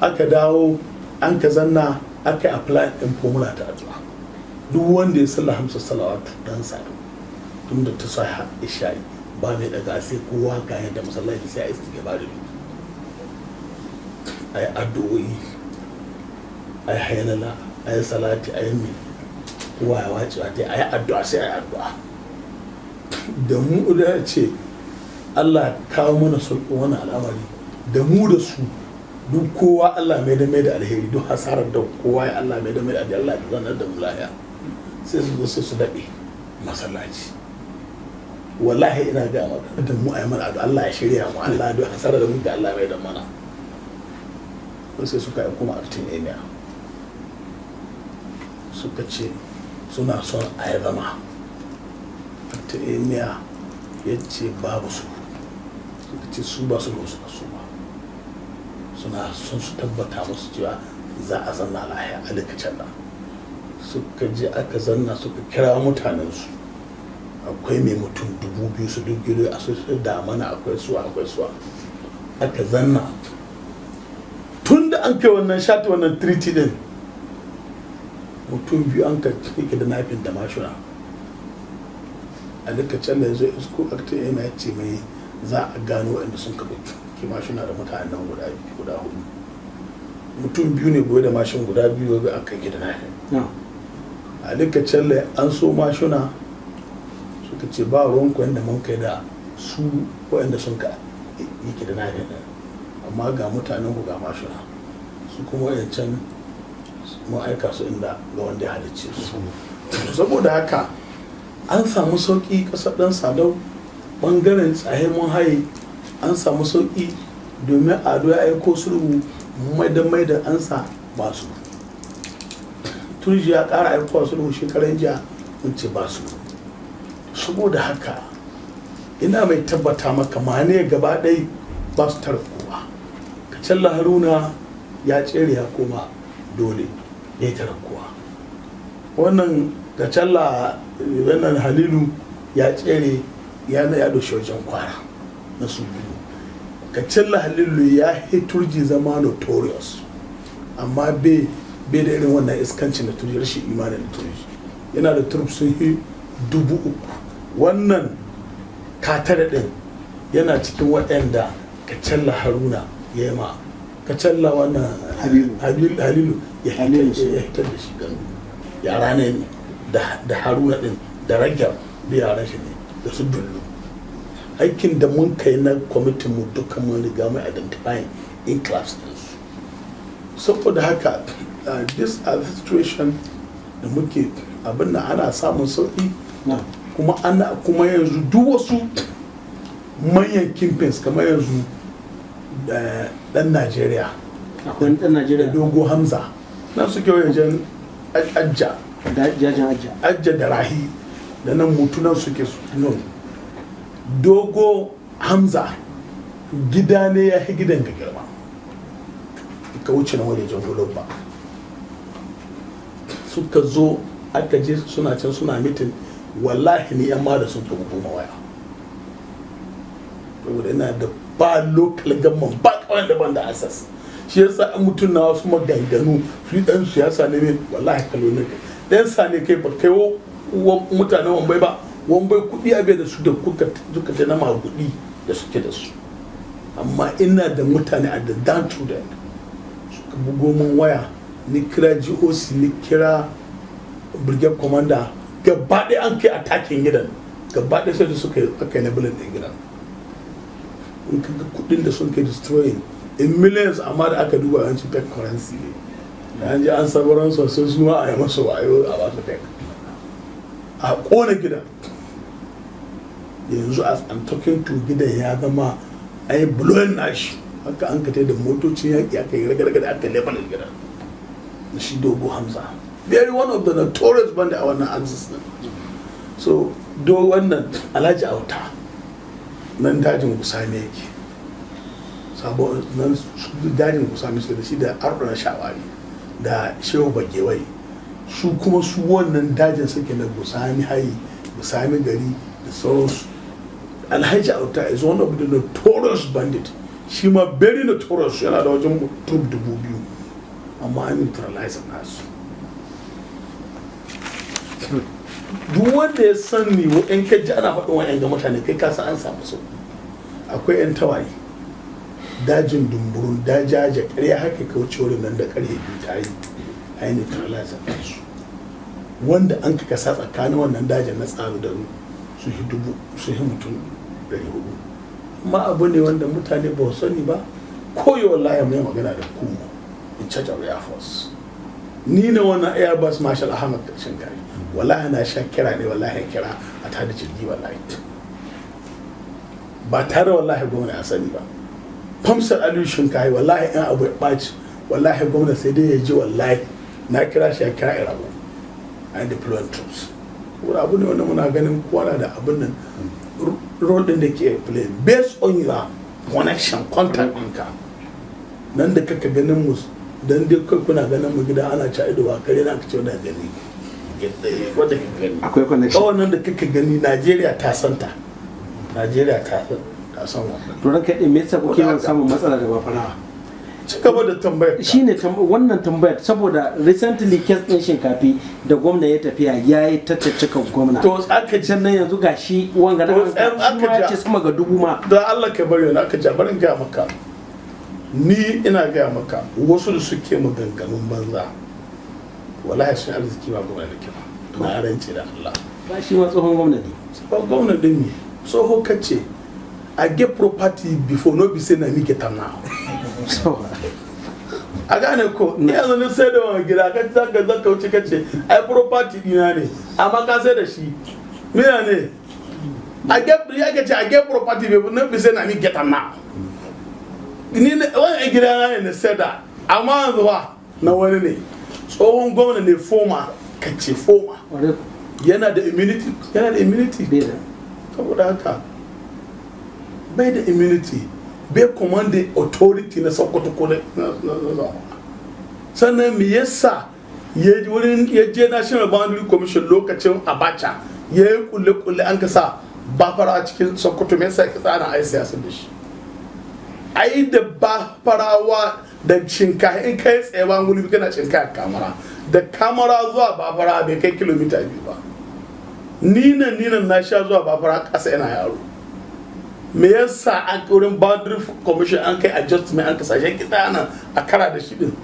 aka dawo an ka zanna aka apply ɗin formula ta addu'a duk wanda ya sallah hamsa salawatu dan sadu tun da ta sa isha'i ba mai daga sai kowa ga yadda masallaci sai a gaba da a yi addu'o'i a yi hayanala a yi salati a yi mai kowa ya wace wata a yi addu'a sai a yi addu'a da mu da ce Allah kawo mana sauƙi wani al'amari da mu da su duk kowa Allah mai da mai da alheri duk hasarar da kowa ya Allah mai da mai da Allah ya zanar da mu lahiya sai su zo sai su daɗe masallaci wallahi ina ga da mu a yamar addu'a Allah ya shirya mu Allah da hasara da mu da Allah mai da mana sai suka yi kuma Artemisia suka ce suna son a yi zama Artemisia ya ce babu su suka ce su ba su da su ba suna son su tabbata musu cewa za a zanna lahiya a lokacin nan suka ji aka zanna suka kira mutanensu akwai mai mutum dubu biyu su duk gido a sosai da mana akwai suwa akwai suwa aka zanna tun da an kai wannan shati wannan triti din mutum biyu an ka cike da nafin da mashuna a duka can da yanzu isko akta yana ce mai za a gano waɗanda sun kaɓe ke mashuna da mutanen guda guda hudu mutum biyu ne goye da mashin guda biyu ga aka gida nafin a duka canle an so mashina suka ce ba ruwanku yadda mun kai da su waɗanda sun ka yake da nafi amma ga mutanen ga mashuna su kuma yancan mun aika su inda ga wanda ya halicce su saboda haka an samu sauƙi ƙasar ɗan sadau ɓangaren tsaye mun haye an samu sauƙi domin ado ya aiko su mai da mai da ansa ba su turji ya ƙara aikowa sulhu shekaran jiya mun ce ba su saboda haka ina mai tabbata maka mane gaba ɗai ba su tara kowa kacalla haruna ya tsere ya koma dole ya tara kowa wannan kacalla wannan halilu ya tsere ya na ya doshe wajen kwara na su biyu kacalla halilu ya hiturji zama notorious amma bai bai da irin wannan iskancin na turi rashin imani na yana da turf sun dubu uku wannan katare din yana cikin waɗanda ka challa haruna ya yi ma challa wannan halilu ya hitar da shi yara ne da haruna din da ragyar da yaran shi ne da su dullu aikin da mun kai na kwamitin mu dukkan mun riga mai identifying in class saboda haka this situation da muke abin da ana samun sauki kuma ana kuma yanzu duk wasu manyan kimfins kamar yanzu dan eh, najeriya akwai dan najeriya dogo hamza nan suke wajen ajja da ajja ajja da rahi da nan mutunan suke su no dogo hamza gida ne ya gidan ga girma ka wuce na wajen gulob ba suka zo aka je suna can suna mitin wallahi ni yan da sun kuma goma waya saboda ina da ba local government ba kawai ban da asas shi yasa an mutum na wasu maganganu su dan siyasa ne ne wallahi kalo ne dan sa ne kai ba kai mutanen wambai ba wambai kudi abe da su da kuka duka da na da suke da su amma ina da mutane a da down to them suka bugo min waya ni kira goc ni kira brigade commander gaba ɗaya an kai attacking gidan gaba ɗaya sai da suka kai na bilin ɗin gidan in kaga kuɗin da sun kai destroying in millions amma da aka duba yanci pek currency ne da an ji an sabaran sosai su ma a yi masu wayo a ba su pek a kona gidan yanzu as I'm talking to gidan ya zama ai blowing nashi haka an ka da motocin yaƙi aka yi ragargada aka lebanin gidan shi dogo hamza very one of the notorious band a wannan axis din so do wannan alhaji auta nan dajin kusame yake sabo nan dajin kusame su da shi da arɗuna shawari da shehu bagewai su kuma su wannan dajin suke na gusami hayi gusami gari da sauransu alhaji auta is one of the notorious bandit shi ma very notorious yana da wajen troop dubu biyu amma na nasu duk wanda ya san ni wa ka kajji ana faɗin yan ga mutane kai kasa an samu su akwai 'yan tawaye dajin dumburun dajaja ƙarya haka wuce wurin nan da ƙarya biyu ta yi a yi na nasu wanda an ka sa tsakanin wannan dajin na tsaro da su yi dubu su yi mutum ɗari hudu amma abu ne wanda mutane ba su sani ba koyo wallahi mai magana da kuma in charge of air force ni na wannan airbus marshal ahmad shinkari wallahi na sha kira ne wallahi kira a tare da jirgi wallahi ba tare wallahi gwamna ya sani ba famsar aliyu shinkari wallahi yan abu ya ɓaci wallahi gwamna sai dai ya ji wallahi na kira shi ya kira irabu a deploying troops Wura abu ne wanda muna ganin kwana da abin nan role din da ke play based on your connection contact ɗinka nan da kaka ganin musu don dukkan kuna ganin mu gida ana ci ido ba kare na kace wannan gani wanda ka gani akwai connection wannan da kake gani Najeriya ta san ta Najeriya ta ta san wannan to ranka dai me yasa kuke yawan samun matsala da ci gaba da tambayar shine wannan tambayar saboda recently case din shinkafi da gwamna ya tafiya ya yi tattacikan gwamna to aka can nan yanzu ga shi wanga da aka ce sama ga dubu ma da Allah ka bari na aka ja barin ga maka ni ina gaya maka wasu da suke maganganun banza wallahi sun arziki ba gwamnati ke ba na rance da Allah ba shi ma tsohon gwamnati ba gwamnati ne tsoho kace I get property before no be say na me get am now a gane ko ni yanzu ni sai da wani gida ka zaka ka ka wuce kace ai property dina ne amma ka sai da shi me ne a get ya kace a get property before no be say na me get am now ni wani gida ne na seda amma yanzu ba na wani ne tsohon gwamna ne foma ka ce foma yana da immunity yana da immunity saboda haka bai da immunity bai commanding authority na sokoto ko na sannan me yasa ya wurin ya je national boundary commission lokacin abacha ya yi kulle-kulle an kasa bafara fara cikin sokoto me yasa ya kasa ana ai siyasa da shi ai da ba farawa da cinka in kai tsaye ba gulbi kana cinka kamara da kamara zuwa ba fara bai kai kilomita biyu ba ninan ninan na sha zuwa ba fara ƙasa yana yaro me yasa a wurin boundary commission an kai adjustment an kasashen kita nan a kara da shi din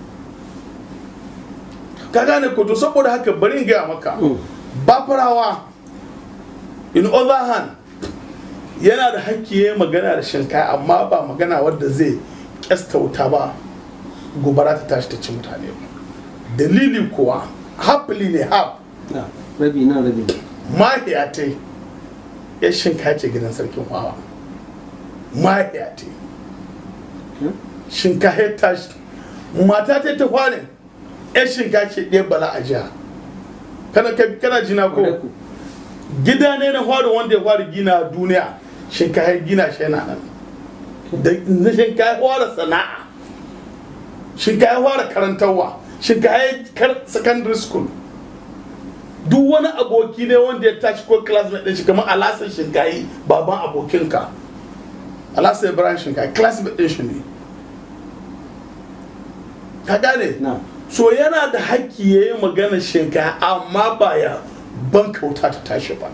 ka gane ko to saboda haka bari in gaya maka mm. bafarawa in other hand yana da hakki ya magana da shinka amma ba magana wadda zai kyasta wuta ba gobara ta tashi ta ci mutane ba dalili kuwa hapli ne hap rabi na rabi mahiyatai ya shinka ce gidan sarkin hawa mahiyatai hm? shinka ya tashi mata ta ta kwanin ya shinka ce ɗaya bala a jiya kana jina ko gida ne na faru wanda ya faru gina duniya shinkayen gina shi yana nan da shinkayen fara sana'a shinkayen fara karantarwa shinkayen secondary school duk wani aboki ne wanda ya tashi ko classmate ɗin shi kamar alasan shinkayi baban abokinka alasan ibrahim shinkayi classmate ɗin shi ne ka gane so yana da haƙƙi ya yi magana shinkayi amma ba ya ban kauta ta tashi ba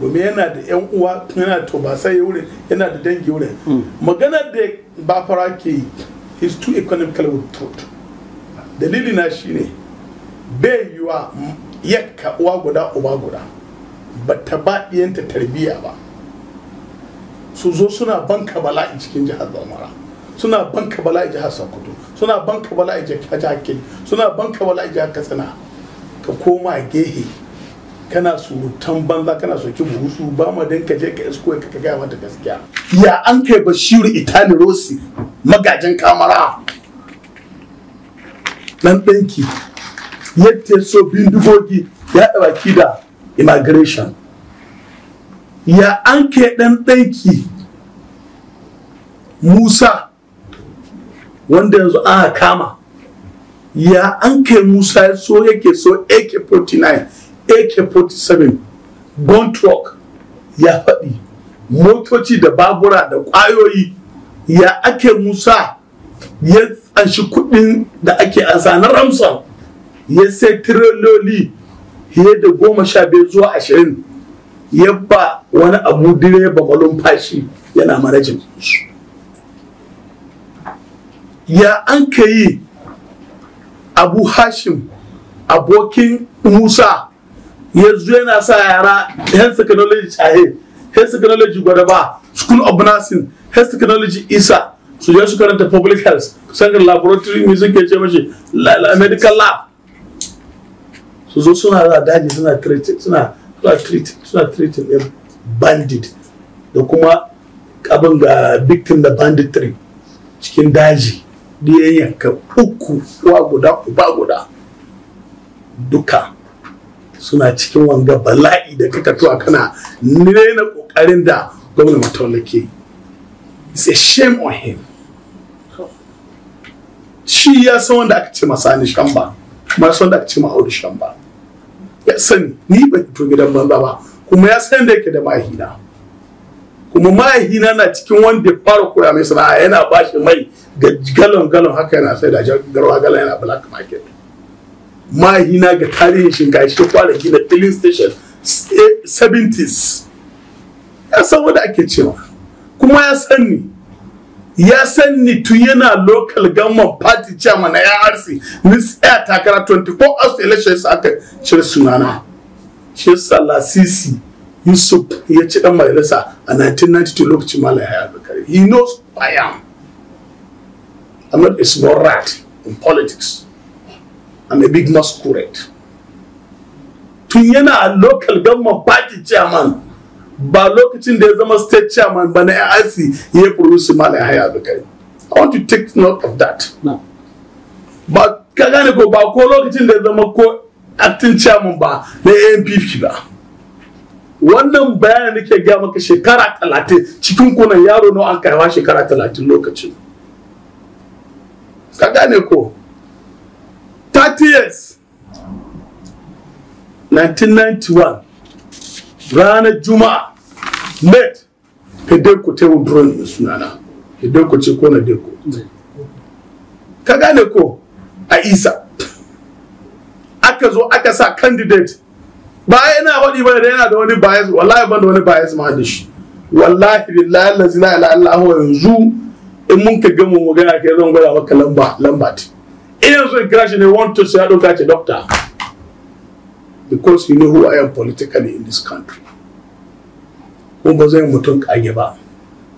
domin yana da yan uwa yana da ya wurin yana da dangi wurin hmm. maganar da ba fara ke is too economical with truth dalili na ne bai yi wa yakka uwa guda uba guda ba ta ba ɗiyanta tarbiyya ba su zo suna banka bala'i cikin jihar zamara suna banka bala'i jihar sokoto suna banka bala'i jihar suna banka bala'i jihar katsina ka koma gehe kana surutan banza kana soki burusu ba ma dan ka je ka isko ka ga mata gaskiya ya an kai bashiru itali rosi magajin kamara dan danki yadda so bindigogi ya ɗauki da immigration ya an kai dan danki musa wanda yanzu aka kama ya an kai musa so yake so ak-49 ak-47 gun truck ya faɗi motoci da babura da ƙwayoyi ya ake musa ya tsanshi kuɗin da ake ansa na ramson ya sai tirololi fiye da goma sha biyu zuwa ashirin ya ba wani abu direba fashi yana marajin ya an ka yi abu hashim abokin musa yanzu yana sa yara health technology tsaye health technology gwadaba school of nursing health technology isa su je su karanta public health sangar laboratory mai suke ce mashi medical lab su zo suna za daji suna treating suna bandit da kuma abin da victim da banditry cikin daji da yanka uku guda uba guda duka suna cikin wanga bala'i da kaka tuwa kana nena kokarin da gwamnati matola ke it's a shame on him shi ya san wanda aka ce masa ni shamba kuma san wanda aka ce audu shamba ya sani ni ba fito gidan banza ba kuma ya san da yake da mahina kuma mahina na cikin wanda ya fara koya mai sana'a yana bashi mai ga galon galon haka yana sai da garwa galon yana black market mahina ga tarihin shinkashi kwanaki na filling station 70s eh, ya san wadda ake cewa kuma ya san ni ya san ni tun yana local government party chairman na ARC ni tsaya takara 24 hours elections aka cire sunana shi yasa sisi Yusuf ya ci dan majalisa a 1992 lokacin Malam Yahya kare he knows who I am I'm not a small rat in politics I'm a big masquerade. Tun yana local government party chairman ba lokacin da ya zama state chairman ba na AIC ya produce Malam Yahaya Abdulkarim. I want to take note of that. Ba ka gane ko ba ko lokacin da ya zama ko acting chairman ba na ANPP ba. Wannan bayanin nake gaya maka shekara talatin cikin kunan yaro nawa an kaiwa shekara talatin lokacin. Ka gane ko 30 years 1991 ranar juma'a met hideko ta drone da sunana ce ko na ka gane ko a isa aka zo aka sa candidate ba yana wani ba yana da wani bias wallahi ban da wani bias ma da shi wallahi yanzu in mun ka gama magana kai zan gwada maka lamba lamba ina yanzu in kira shi ne wanted sai ya ɗauka ce doctor because you know who I am politically in this country ko ba zai mutum kage ba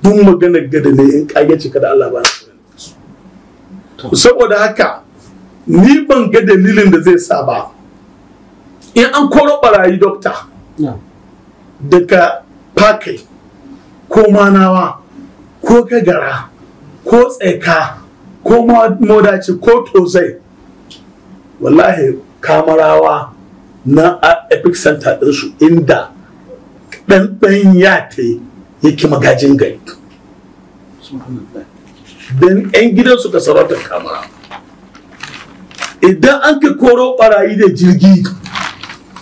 duk maganar gada ne in kage ce kada Allah ba saboda haka ni ban ga dalilin da zai sa ba in an koro barayi dokta daga fakai ko manawa ko kagara ko tseka ko moda ce ko tozai wallahi kamarawa na epic center ɗinsu inda ɗanɗan ya ta yake magajin gari don gidan gidansu ka sarauta kamara idan an ka koro barayi da jirgi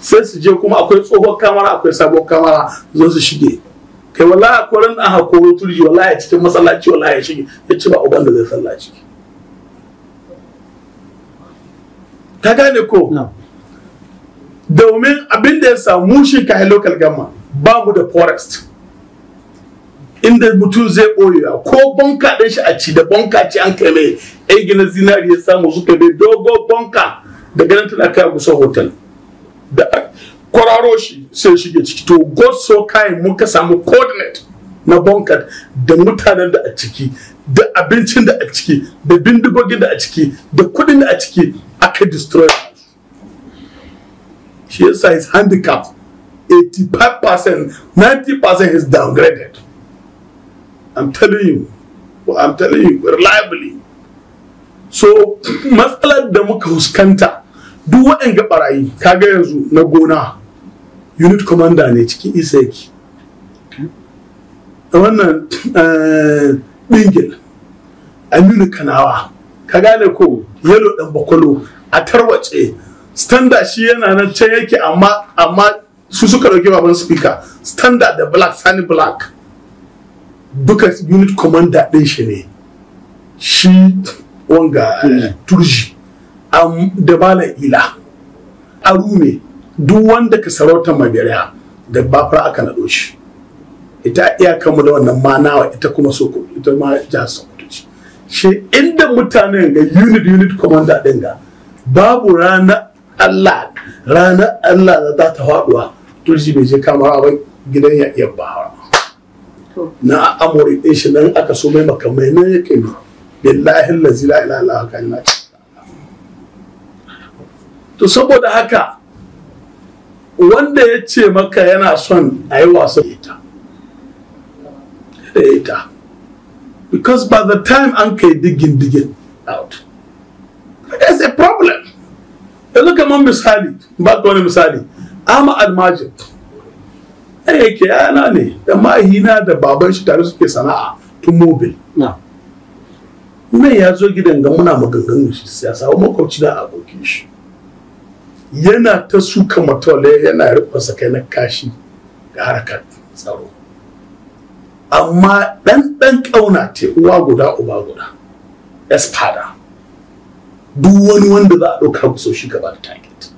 sai su je kuma akwai tsohon kamara akwai sabon kamara zo su shige kai wallahi ran a hakoro turji wallahi cikin masallaci wallahi shige ya ci ba uban da zai sallaci ka gane ko domin abin da ya samu shi ka hello gama ba mu da forest inda mutum zai ɓoyewa ko bonka ɗin shi a ci da bonka ci an kai mai ai gina zinari ya samu suka bai dogo bonka da ganin tana kai a kusa hotel da kwararo shi sai shige ciki to god so kayan muka samu coordinate na bonka da mutanen da a ciki da abincin da a ciki da bindigogin da a ciki da kuɗin da a ciki aka destroy shi yasa his handicap 85% 90% is downgraded i'm telling you well, i'm telling you reliably so matsalar da muka huskanta duk wa'in ga barayi kaga yanzu na gona unit commander ne cikin isa yake wannan dingil eh, a nuna kanawa ka gane ko yalo dan bakwalo a tarwace standard shi yana nan can yake amma amma su suka dauke baban speaker standard da black sani black duka unit commander din shi ne shi wanga eh, turji da malam ila arume duk wanda ka sarauta mabiriya da bafar aka nado shi ita kanmu da wannan manawa ita kuma so ita ma jasa sokoto shi inda mutanen ga unit unit commander din ga babu ranar Allah ranar Allah da za ta faduwa turji bai je kamar ba gidan ya iya ba na amuri din shi nan aka so mai makamai nan yake ne billahi allazi la ilaha illa huwa ina to saboda haka wanda ya ce maka yana son a yi wasa da ita ita because by the time an kai digin digin out It's a problem yanzu kamar misali ba ka misali, misali ama almajir ɗan yake yana ne da mahina da baban shi tare suke sana'a tun mobil Me ya zo gidan ga muna maganganu shi siyasa wa makwabci da abokin shi yana ta suka matole yana rufe sakai na kashi ga harkar tsaro amma ɗan ɗan ƙauna ce uwa guda uba guda espada duk wani wanda za a ɗauka musu shi gaba da target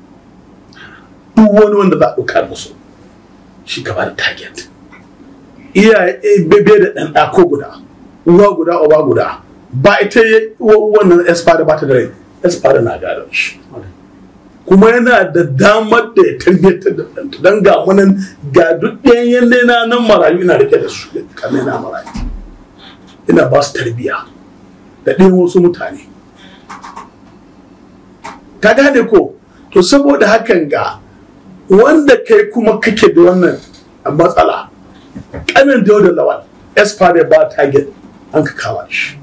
duk wani wanda za a ɗauka musu shi gaba da target iyaye bebe eh, da ɗan ko guda uwa guda uba guda ba ita wannan espada ba ta da rai espada na gadon shi kuma yana da damar da ya tarbiyyar da ɗanta don ga wannan ga duk ɗanyen yanayi na nan marayu ina rike da su kamar na marayu ina ba su tarbiya da ɗin wasu mutane ka gane ko to saboda hakan ga wanda kai kuma kake da wannan matsala kanin dauda lawan espade ba target an ka kawo shi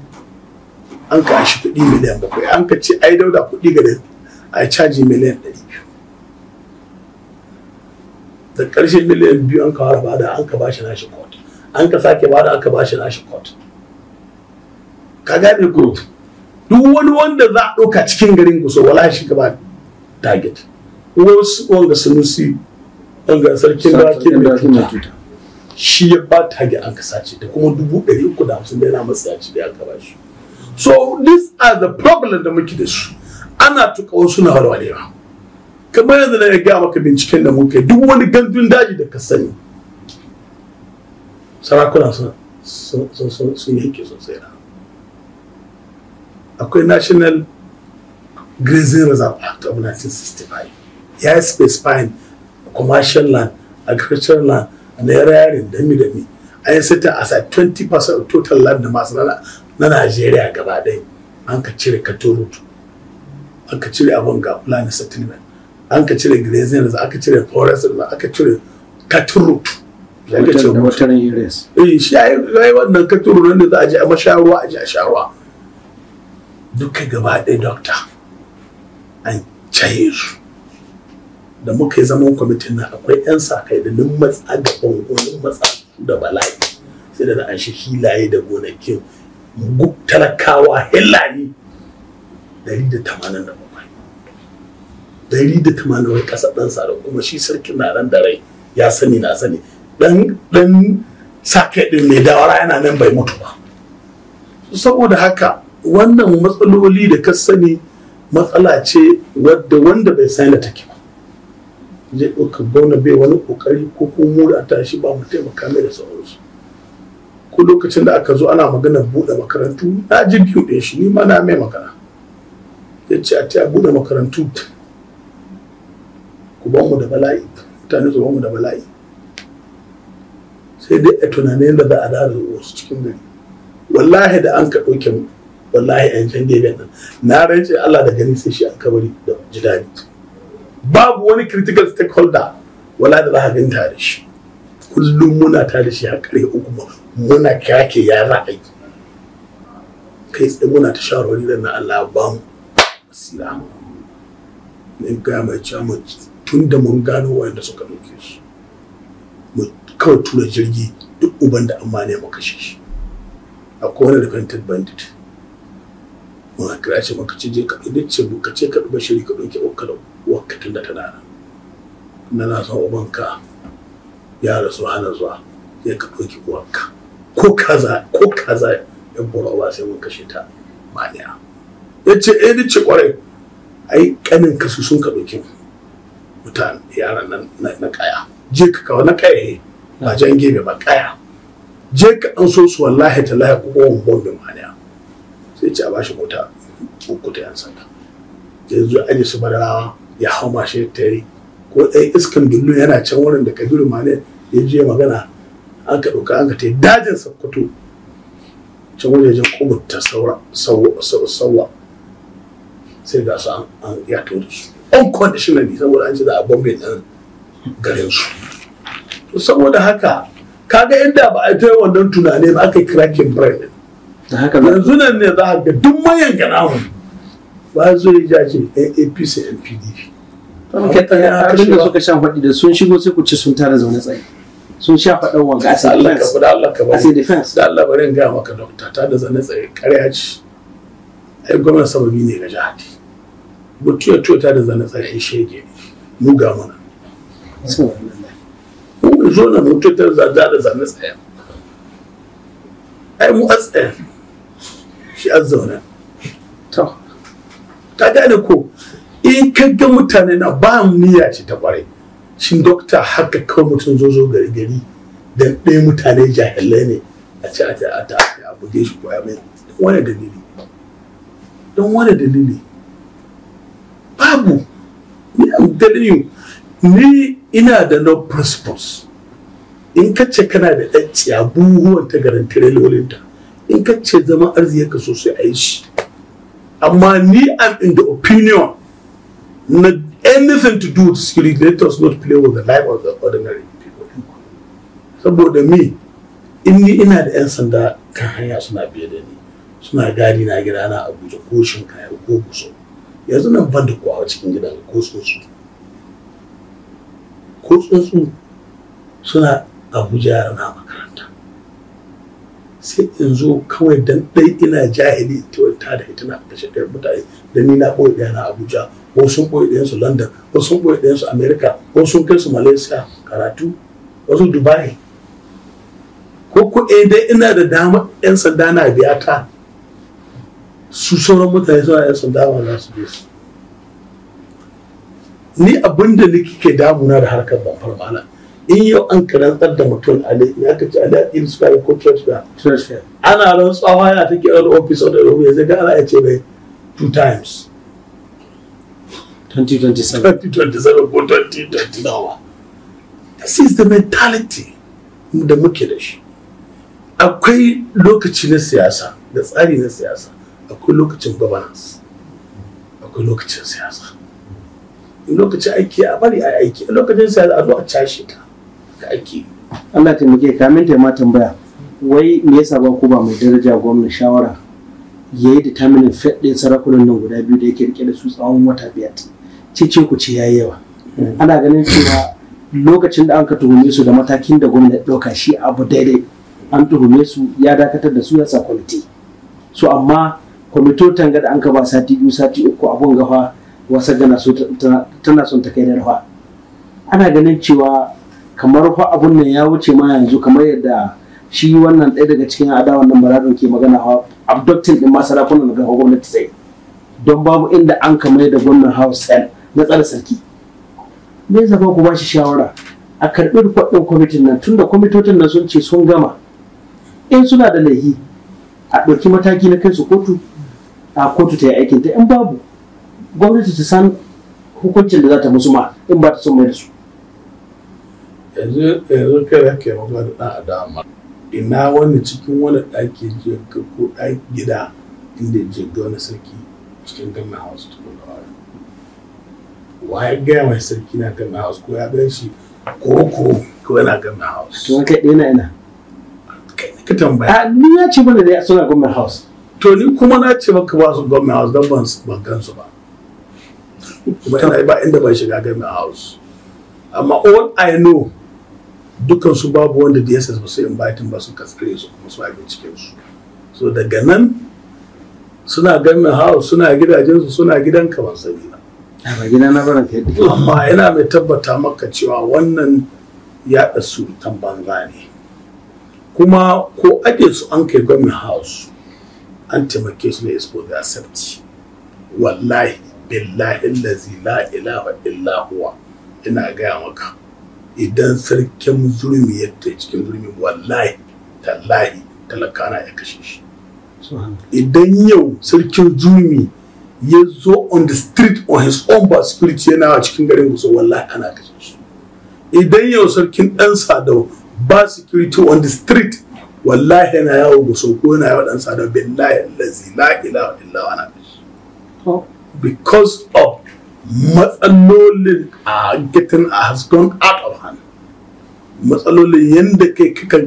an ka shi kuɗi miliyan bakwai an ka ce ai dauda kuɗi gare a caji miliyan ɗari da ƙarshen miliyan biyu an ka ba da an ka bashi nashi court an ka sake bada an ka bashi nashi court ka gane ko duk wani wanda za a ɗauka cikin garin ku so wallahi shi gaba target wasu wanga sanusi wanga sarkin dawakin mai tuta shi ya ba target an kasa ce da kuma dubu ɗari uku da hamsin da yana matsayaci da ya gaba shi so these are the problem da muke da su ana tuka wasu na walwalewa kamar yanzu na ya gaya maka binciken da muka duk wani gandun daji da ka sani sarakuna sun sun sun sun yake sosai na akwai national grazing reserve act of 1965 ya yi specifying commercial land agricultural land na yarayarin dami dami a yi sita as a 20% of total land da masu na najeriya gaba ɗaya an ka cire rutu an ka cire abin ga fulani settlement an ka cire grazing reserve aka cire forest reserve aka cire katorutu da yi res eh shi ya yi wannan katorutu da za a je a masharuwa a je a sharuwa duka gaba ɗaya dokta an caye su da muka yi zaman kwamitin nan akwai 'yan sakai da nun matsa da ɓangonin matsa da bala'i sai da an shi hilaye da gonakin talakawa hillani dari da tamanin da bakwai dari da tamanin ƙasa ɗan sa kuma shi sarkin na ran da rai ya sani na sani ɗan ɗan sakai ɗin mai dawara yana nan bai mutu ba saboda haka wannan matsaloli da ka sani matsala ce wadda wanda bai san da take ba zai ɗauka gwamna bai wani ƙoƙari ko kuma a tashi ba mu taimaka mai da sauransu ko lokacin da aka zo ana magana buɗe makarantu na ji biyu ɗin shi ni ma na mai magana ya ce a ta buɗe makarantu ku ba mu da bala'i mutane su ban mu da bala'i sai dai a tunanin da za a da wasu cikin gari wallahi da an ka ɗauke mu wallahi a yancan gefen nan na rance Allah da gani sai shi an kabari da jidani babu wani critical stakeholder wala da za ka ganta da shi kullum muna ta da shi har kare uku muna kake ya ra'ayi. kai tsaye muna ta shawarwari da na Allah ba mu basira ne ga mai cewa tun da mun gano wanda suka ɗauke su mu kawai tura jirgi duk uban da amma ne mu shi akwai wani repentant bandit mun ka kira shi maka ce je ka ɗin ce ka ce ka ɗuba shiri ka ɗauki uwarka da uwarka da tana na na son ubanka ya rasu hana zuwa sai ka ɗauki uwarka ko kaza ko kaza yan burawa sai mun kashe ta maniya ya ce eh ni ce kwarai ai kanin kasu sun ka ɗauki mutan yaran nan na kaya je ka kawo na kaya eh. ba jan gebe ba kaya je ka an so su wallahi ta lahi ko bombe maniya ya ce a bashi mota uku ta yan sanda Yanzu zo su madarawa ya hau mashi ta yi ko ɗaya iskan dullu yana can wurin da kabiru mane ya je magana an ka ɗauka an ka ta dajin sakkwato can wajejen kubuta sauwa sai ga su an ya da su On unconditionally saboda an ce za a bombe ɗin garin su saboda haka kaga inda ba a ta wannan tunani ba aka yi cracking brain yanzu nan ne za a ga duk mayan gana mu ba zuri ja ce apc eh, a abin da suka sha faɗi da sun shigo sai ku ci sun tara zaune tsaye sun sha faɗa wa ga asai defense da Allah ka asai da Allah bari in ga maka dokta ta da zaune tsaye ƙarya ce ai gwamnati sababi ne ga jihadi mutuwa tuwa ta da zaune tsaye ai shege mu ga mana zo na mutuwa ta da zaune tsaye ai mu a tsaye shi a zauna to ka gane ko in ka ga mutane na ba niyya ce ta kwarai shi dokta haka kawo mutum zo zo gari gari dan ɗaya mutane jahilai ne a ce a ta a ta a buge shi ko ya mai wani dalili don wani dalili babu ni am telling ni ina da no principles in ka ce kana da ɗanciya buhuwan ta garin tirelolin in ka ce zama ka sosai a yi shi amma ni am in the opinion na anything to do with security let us not play with the life of the ordinary people saboda me in ni ina da 'yan sanda kan hanya suna biye da ni suna gadi na gida na abuja ko shinkaya ko guso yanzu nan ban da kowa cikin gida ko tsotsu ko tsotsu suna abuja na makaranta sai in zo kawai dan dai ina jahili ta da ita na kashe ɗayar mutane da ni na ɓoye ɗaya na abuja ko sun ɓoye ɗayan su london ko sun ɓoye ɗayan su america ko sun kai su malaysia karatu wasu dubai ko ko eh dai ina da dama yan sanda na biya ta su sauran mutane suna yan sanda ma za su je su ni abinda nake damuna da harkar ban farmala in yau an karantar da mutum ali ya ka ci ali su suka yi ko transfer ana rantsuwa yana take an office of the Ya zai ga ya ce mai two times 2027 2027 ko 2029 this is the mentality da muke da shi akwai lokaci na siyasa da tsari na siyasa akwai lokacin governance akwai lokacin siyasa lokacin aiki a bari a aiki lokacin siyasa a zo a cashe ta haka ake Allah muke kamin ta ma tambaya wai me yasa ba ku ba mai daraja gwamnati shawara yayi da determining fadin sarakunan nan guda biyu da yake rike da su tsawon wata biyar cece ku ce yayi yawa mm. ana ganin cewa lokacin da anka tuhume su da matakin da gwamnati dauka shi abu daidai an tuhume su ya dakatar da su ya sa kwamiti so amma kwamitin tanga da an ka ba sati biyu sati uku abun gafa wasa gana tana son ta kai da rafa ana ganin cewa kamar fa abun nan ya wuce ma yanzu kamar yadda shi wannan ɗaya daga cikin adawan nan baradun ke magana hawa abductin din ma na gaba gwamnati sai don babu inda an kamar da gwamnan house ɗin na tsara sarki me yasa ku ba shi shawara a karɓi rikwaɗin kwamitin nan tunda kwamitocin nan sun ce sun gama in suna da laihi a ɗauki mataki na kai su kotu a kotu ta yi aikin ta in babu gwamnati ta san hukuncin da za ta musu ma in ba ta son mai da su yanzu yanzu kai da ke magana da ɗan adama ina wani cikin wani ɗaki je ka ko ɗaki gida inda je ga wani sarki cikin ganna house tukun da wani wa ya gaya mai sarki na ganna house ko ya gan shi ko ko ko yana ganna house to kai ɗina ina ka tambaya a ah, ni ya ce mana da suna ganna house to ni kuma na ce maka ba su ganna house dan ban gan su ba kuma ina ba inda ban shiga ganna house amma all i know Dukansu babu wanda DSS ba su inviting ba su kaskare su kuma su a binciken su so daga nan suna ganin house suna gidajen su suna gidan ka ban sani na ba gidan na barin kai amma yana mai tabbata maka cewa wannan ya da su banza ne kuma ko ake su an kai gamin house an taimake su ne expose their safety wallahi billahi allazi la ilaha illa huwa ina gaya maka idan sarkin zulmi ya ta cikin zulmi wallahi tallahi talakana ya kashe shi idan yau sarkin zulmi ya zo on the street on his own by spirit yana a cikin garin gusa wallahi ana kashe shi idan yau sarkin dan sadau ba security on the street wallahi yana yawo gusa ko yana yawo dan sadau billahi allazi la ilaha illa ana kashe because of matsalolin a getting has gone out of hand matsalolin yadda kai kika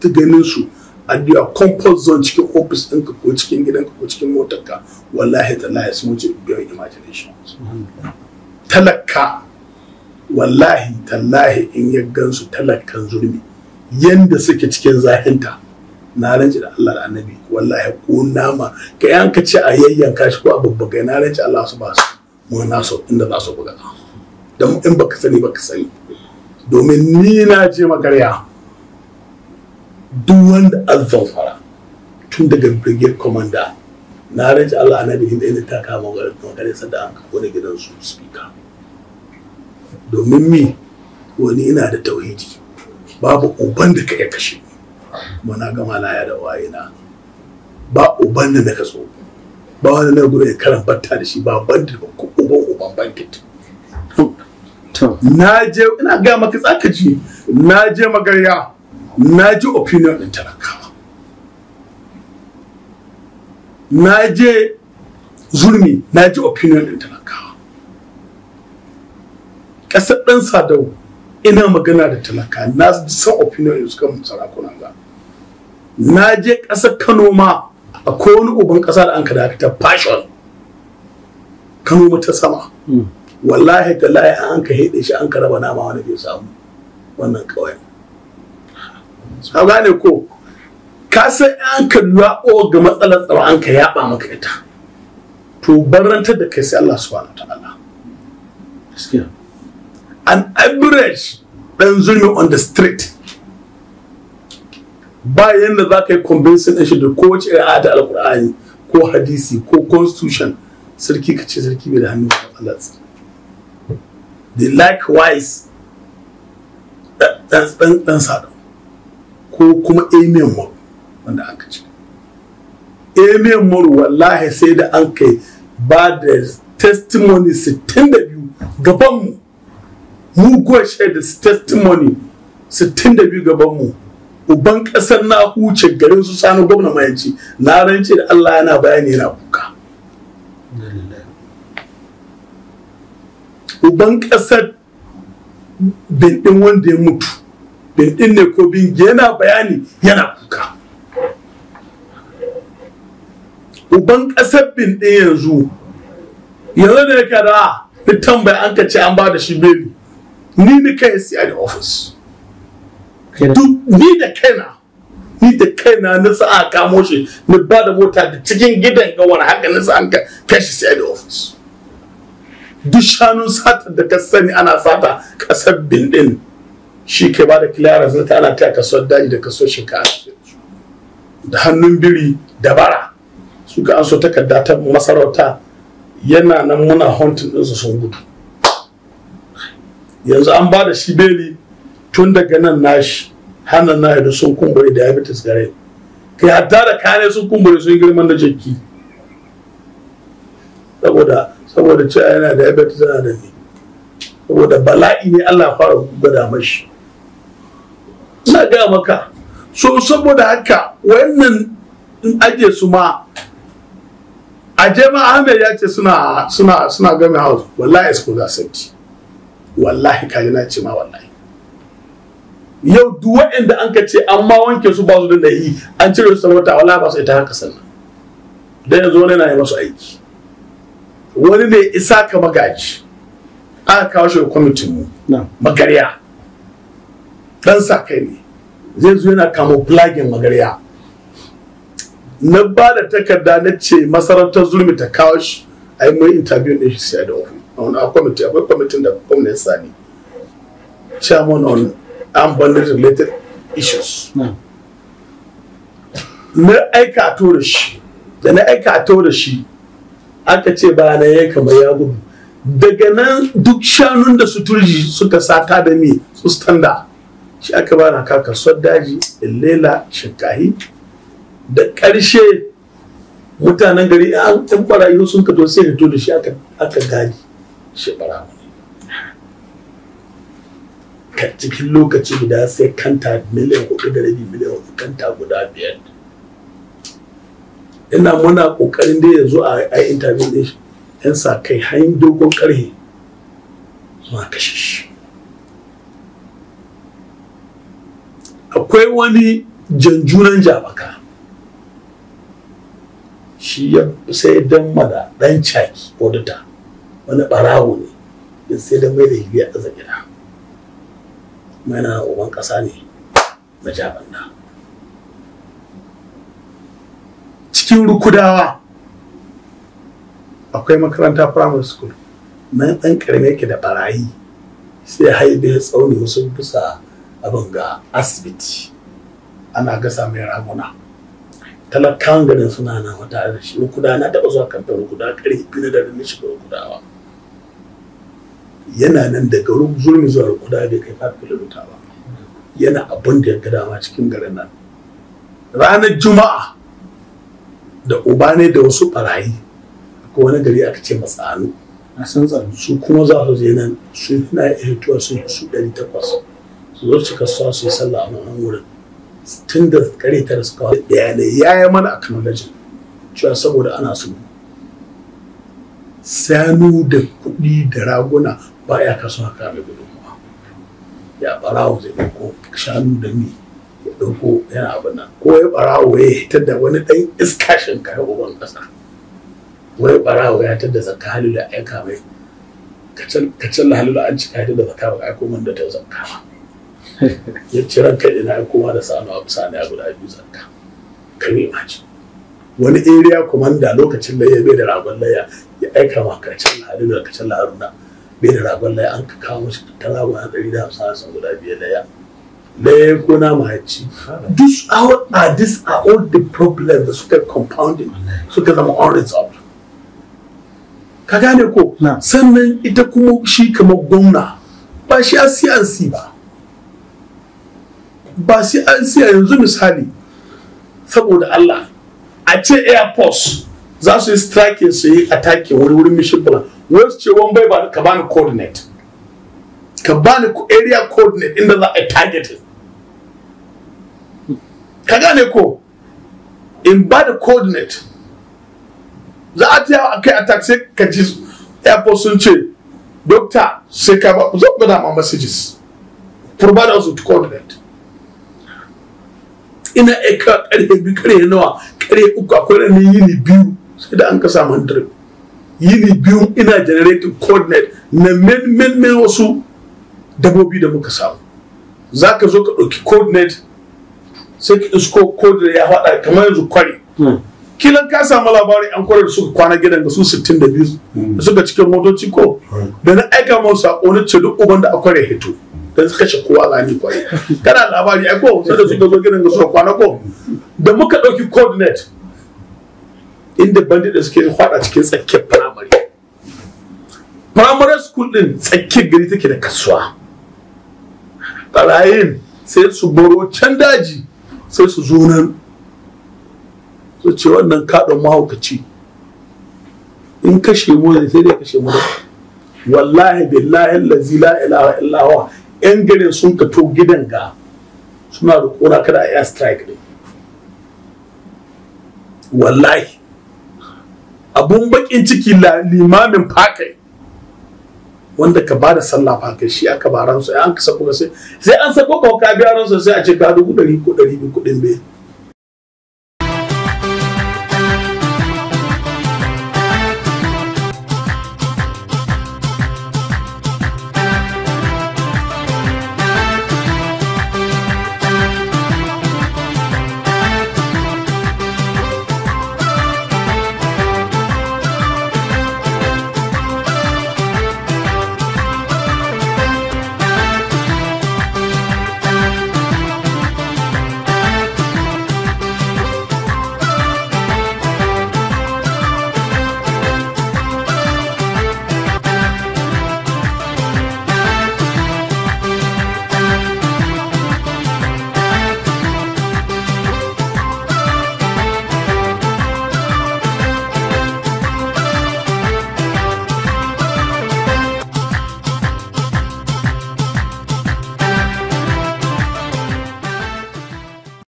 ta ganin su a your comfort zone cikin office ɗinka ko cikin gidanka ko cikin motarka wallahi lahi sun wuce biyar imagination talaka wallahi lahi in ya gansu talakan zulmi yadda suke cikin zahinta na ranci da Allah da annabi wallahi ko nama ka yanka ce a yayyanka shi ko a babbaga na rance Allah su ba su mu na inda za su buga don in baka sani baka sani domin ni na je magarya duk wanda azzan fara tun daga brigade commander na rage Allah na da ina ta kama magarya sadda an kawo da gidansu speaker domin mi wani ina da tauhidi babu uban da ka iya kashe muna gama na da wayena ba uban da ka ba wani na gure ya karan banta da shi ba banda da ko uban uban bankit na je ina ga maka tsakaci na je magarya na ji opinion din talakawa na je zulmi na ji opinion din talakawa ƙasar ɗan sadau ina magana da talaka na san opinion din suka sarakuna ga na je ƙasar kano ma A wani uban ƙasa da an ka dakata fashion kano mata sama hmm. wallahi tallahi an ka haɗe shi an ka raba nama wani bai samu wannan kawai a gane ko ka san an ka o ga matsalar tsaro an ka yaɓa maka ita to barantar da kai sai Allah subhanahu ta'ala an average dan zulmi on the street ba yadda za ka yi convincing ɗin shi da kowace irin ayata alƙur'ani ko hadisi ko constitution sarki ka ce sarki bai da hannun Allah the likewise ɗan ɗan sado ko kuma amen mor wanda an ka ce amen mor wallahi sai da an kai ba da testimony 62 gabanmu mu goshe da testimony 62 gabanmu uban ƙasar na huce garin su sani gwamna mai na rance da Allah yana bayani yana kuka uban ƙasar bindin wanda ya mutu bindin ne ko bin yana bayani yana kuka uban ƙasar bindin yanzu yanzu da ya kada fitan bai an ka ce an ba da shi bebi ni ni kai siya da ofis duk ni da kaina ni da kaina na sa'a kamo shi na ba da mota da cikin gidan gawar haka na sa'an ka kashi sai da ofis duk shanun sata da ka sani ana sata kasar bindin shi ke ba da clearance na ta ana ta kasuwar daji da kasuwar shekara da hannun biri da bara suka an so takarda ta masarauta yana nan muna hunting ɗinsu sun gudu yanzu an ba da shi beli tun daga nan nashi hannun na da sun kumbure diabetes gare kai hatta da kane sun kumbure sun girman da jiki saboda saboda cewa yana diabetes yana da ne saboda bala'i ne Allah fara gwada mashi na ga maka so saboda haka wannan in aje su ma aje ma Ahmed ya ce suna suna suna game house wallahi su ko za wallahi kaji na ce ma wallahi yau duk waɗanda an ka ce ma wanke su ba su da an cire su wata wala ba su ita haka sannan dan yanzu wani na yi masu aiki wani ne isa ka magaji aka kawo shi kwamitin mu Magariya. dan sa kai ne zai zo yana kamo blagin Magariya. na ba da takarda na ce masarautar zulmi ta kawo shi a yi mai interview ɗin shi sai da wani akwai kwamitin da gwamnati sani chairman on and boundary related issues na aika to da shi da na aika da shi aka ce ba na ya kama ya gudu daga nan duk shanun da su turji suka sata da mi su standa shi aka ba na kasuwar daji illela shinkahi da ƙarshe mutanen gari an barayi sun ka to sai da shi aka gaji shi barawa cikin lokaci guda sai kanta miliyan hudu da rabi miliyan hudu kanta guda biyar ina muna kokarin da yanzu a yi interview shi yan sa kai hanyar dogon karhe zuwa kashe shi akwai wani janjunan jabaka shi ya sai dan mada dan caki odita wani barawo ne sai da mai da hibiya a zagina mana uban ƙasa ne na majabanda cikin rukudawa akwai makaranta primary school nan ɗan ƙarni yake da barayi sai haibe ya tsauni wasu bisa abin ga asibiti ana gasa mai raguna talakawan garin suna nan wata da shi rukuda na taɓa zuwa kamfen rukuda ƙarfi na da rukudawa yana nan daga zulmi zuwa rukuda da kai fafi kilomita ba yana abin da ya ga dama cikin garin nan ranar juma'a da uba ne da wasu barayi ko wani gari aka ce matsanu a su kuma za su je nan su na irituwa sun su ɗari takwas su zo cika sa su yi sallah a wannan wurin tun da kare da suka wani bayanai ya yi mana a kan lajin cewa saboda ana su sanu da kuɗi da raguna ba ya son haka mai gudunmuwa ya barawo zai ɗauko shanu da ni ya ɗauko yana abin nan ko ya barawo ya hitar da wani ɗan iska shinkaya uban ƙasa wai barawo ya hitar da zakka halilu ya aika mai can na halilu an cika hitar da zakka ba aiko min da ta zakka ba ya ci ranka ina aiko ma da sanu abu sani ya guda biyu zakka kare ma ce wani area commander lokacin da ya bai da ragon laya ya aika ma na halilu can na haruna bai da an ka kawo shi talawa a ɗari da hamsin a samu lafiya laya laya ko na mahaci this all are ah, this are all the problems da suka compounding suka zama unresolved ka gane ko sannan ita kuma shi kamar gwamna ba shi a siyansi ba ba shi an siya yanzu misali saboda Allah a ce air za su yi striking su yi attacking wani wurin mission plan wai su ce wan bai ba ka bani coordinate ka bani area coordinate inda za a target ka gane ko in ba da coordinate za a tiyawa a kai attack sai ka ji airport sun ce doctor sai ka ba zo gada ma messages provide us with coordinate ina aika karfe biyu karfe nawa karfe uku akwai ranar yini biyu sai da an ka samu 100 yini biyu ina generating coordinate na men men men wasu dabobi da muka samu za ka zo ka ɗauki coordinate sai ki isko coordinate ya faɗa kamar yanzu kwari hmm. kilan ka samu labarin yan kwarar da suka kwana gidan da su 62 hmm. da suka cikin motoci ko hmm. da na aika masu sako na ce duk uban da akwai hito da suka ce kowa ni kwari kana labari ai ko sai da suka zo gidan da suka kwana ko da muka ɗauki coordinate inda bandit da suke faɗa cikin tsakiyar primary school din tsakiyar gari take da kasuwa barayin sai su baro can daji sai su zo nan su ce wannan kaɗon mahaukaci in kashe mu ne sai dai kashe mu ne. wallahi billahi allazi la ilaha illa yan garin sun ka to gidan ga suna da kora kada a air strike ne wallahi abun bakin ciki limamin fakai wanda ka bada sallah ba kai shi aka baransu. su an ka sako sai sai an sako ka biya ransu sai a ce ka dubu ɗari ko ɗari biyu kuɗin bai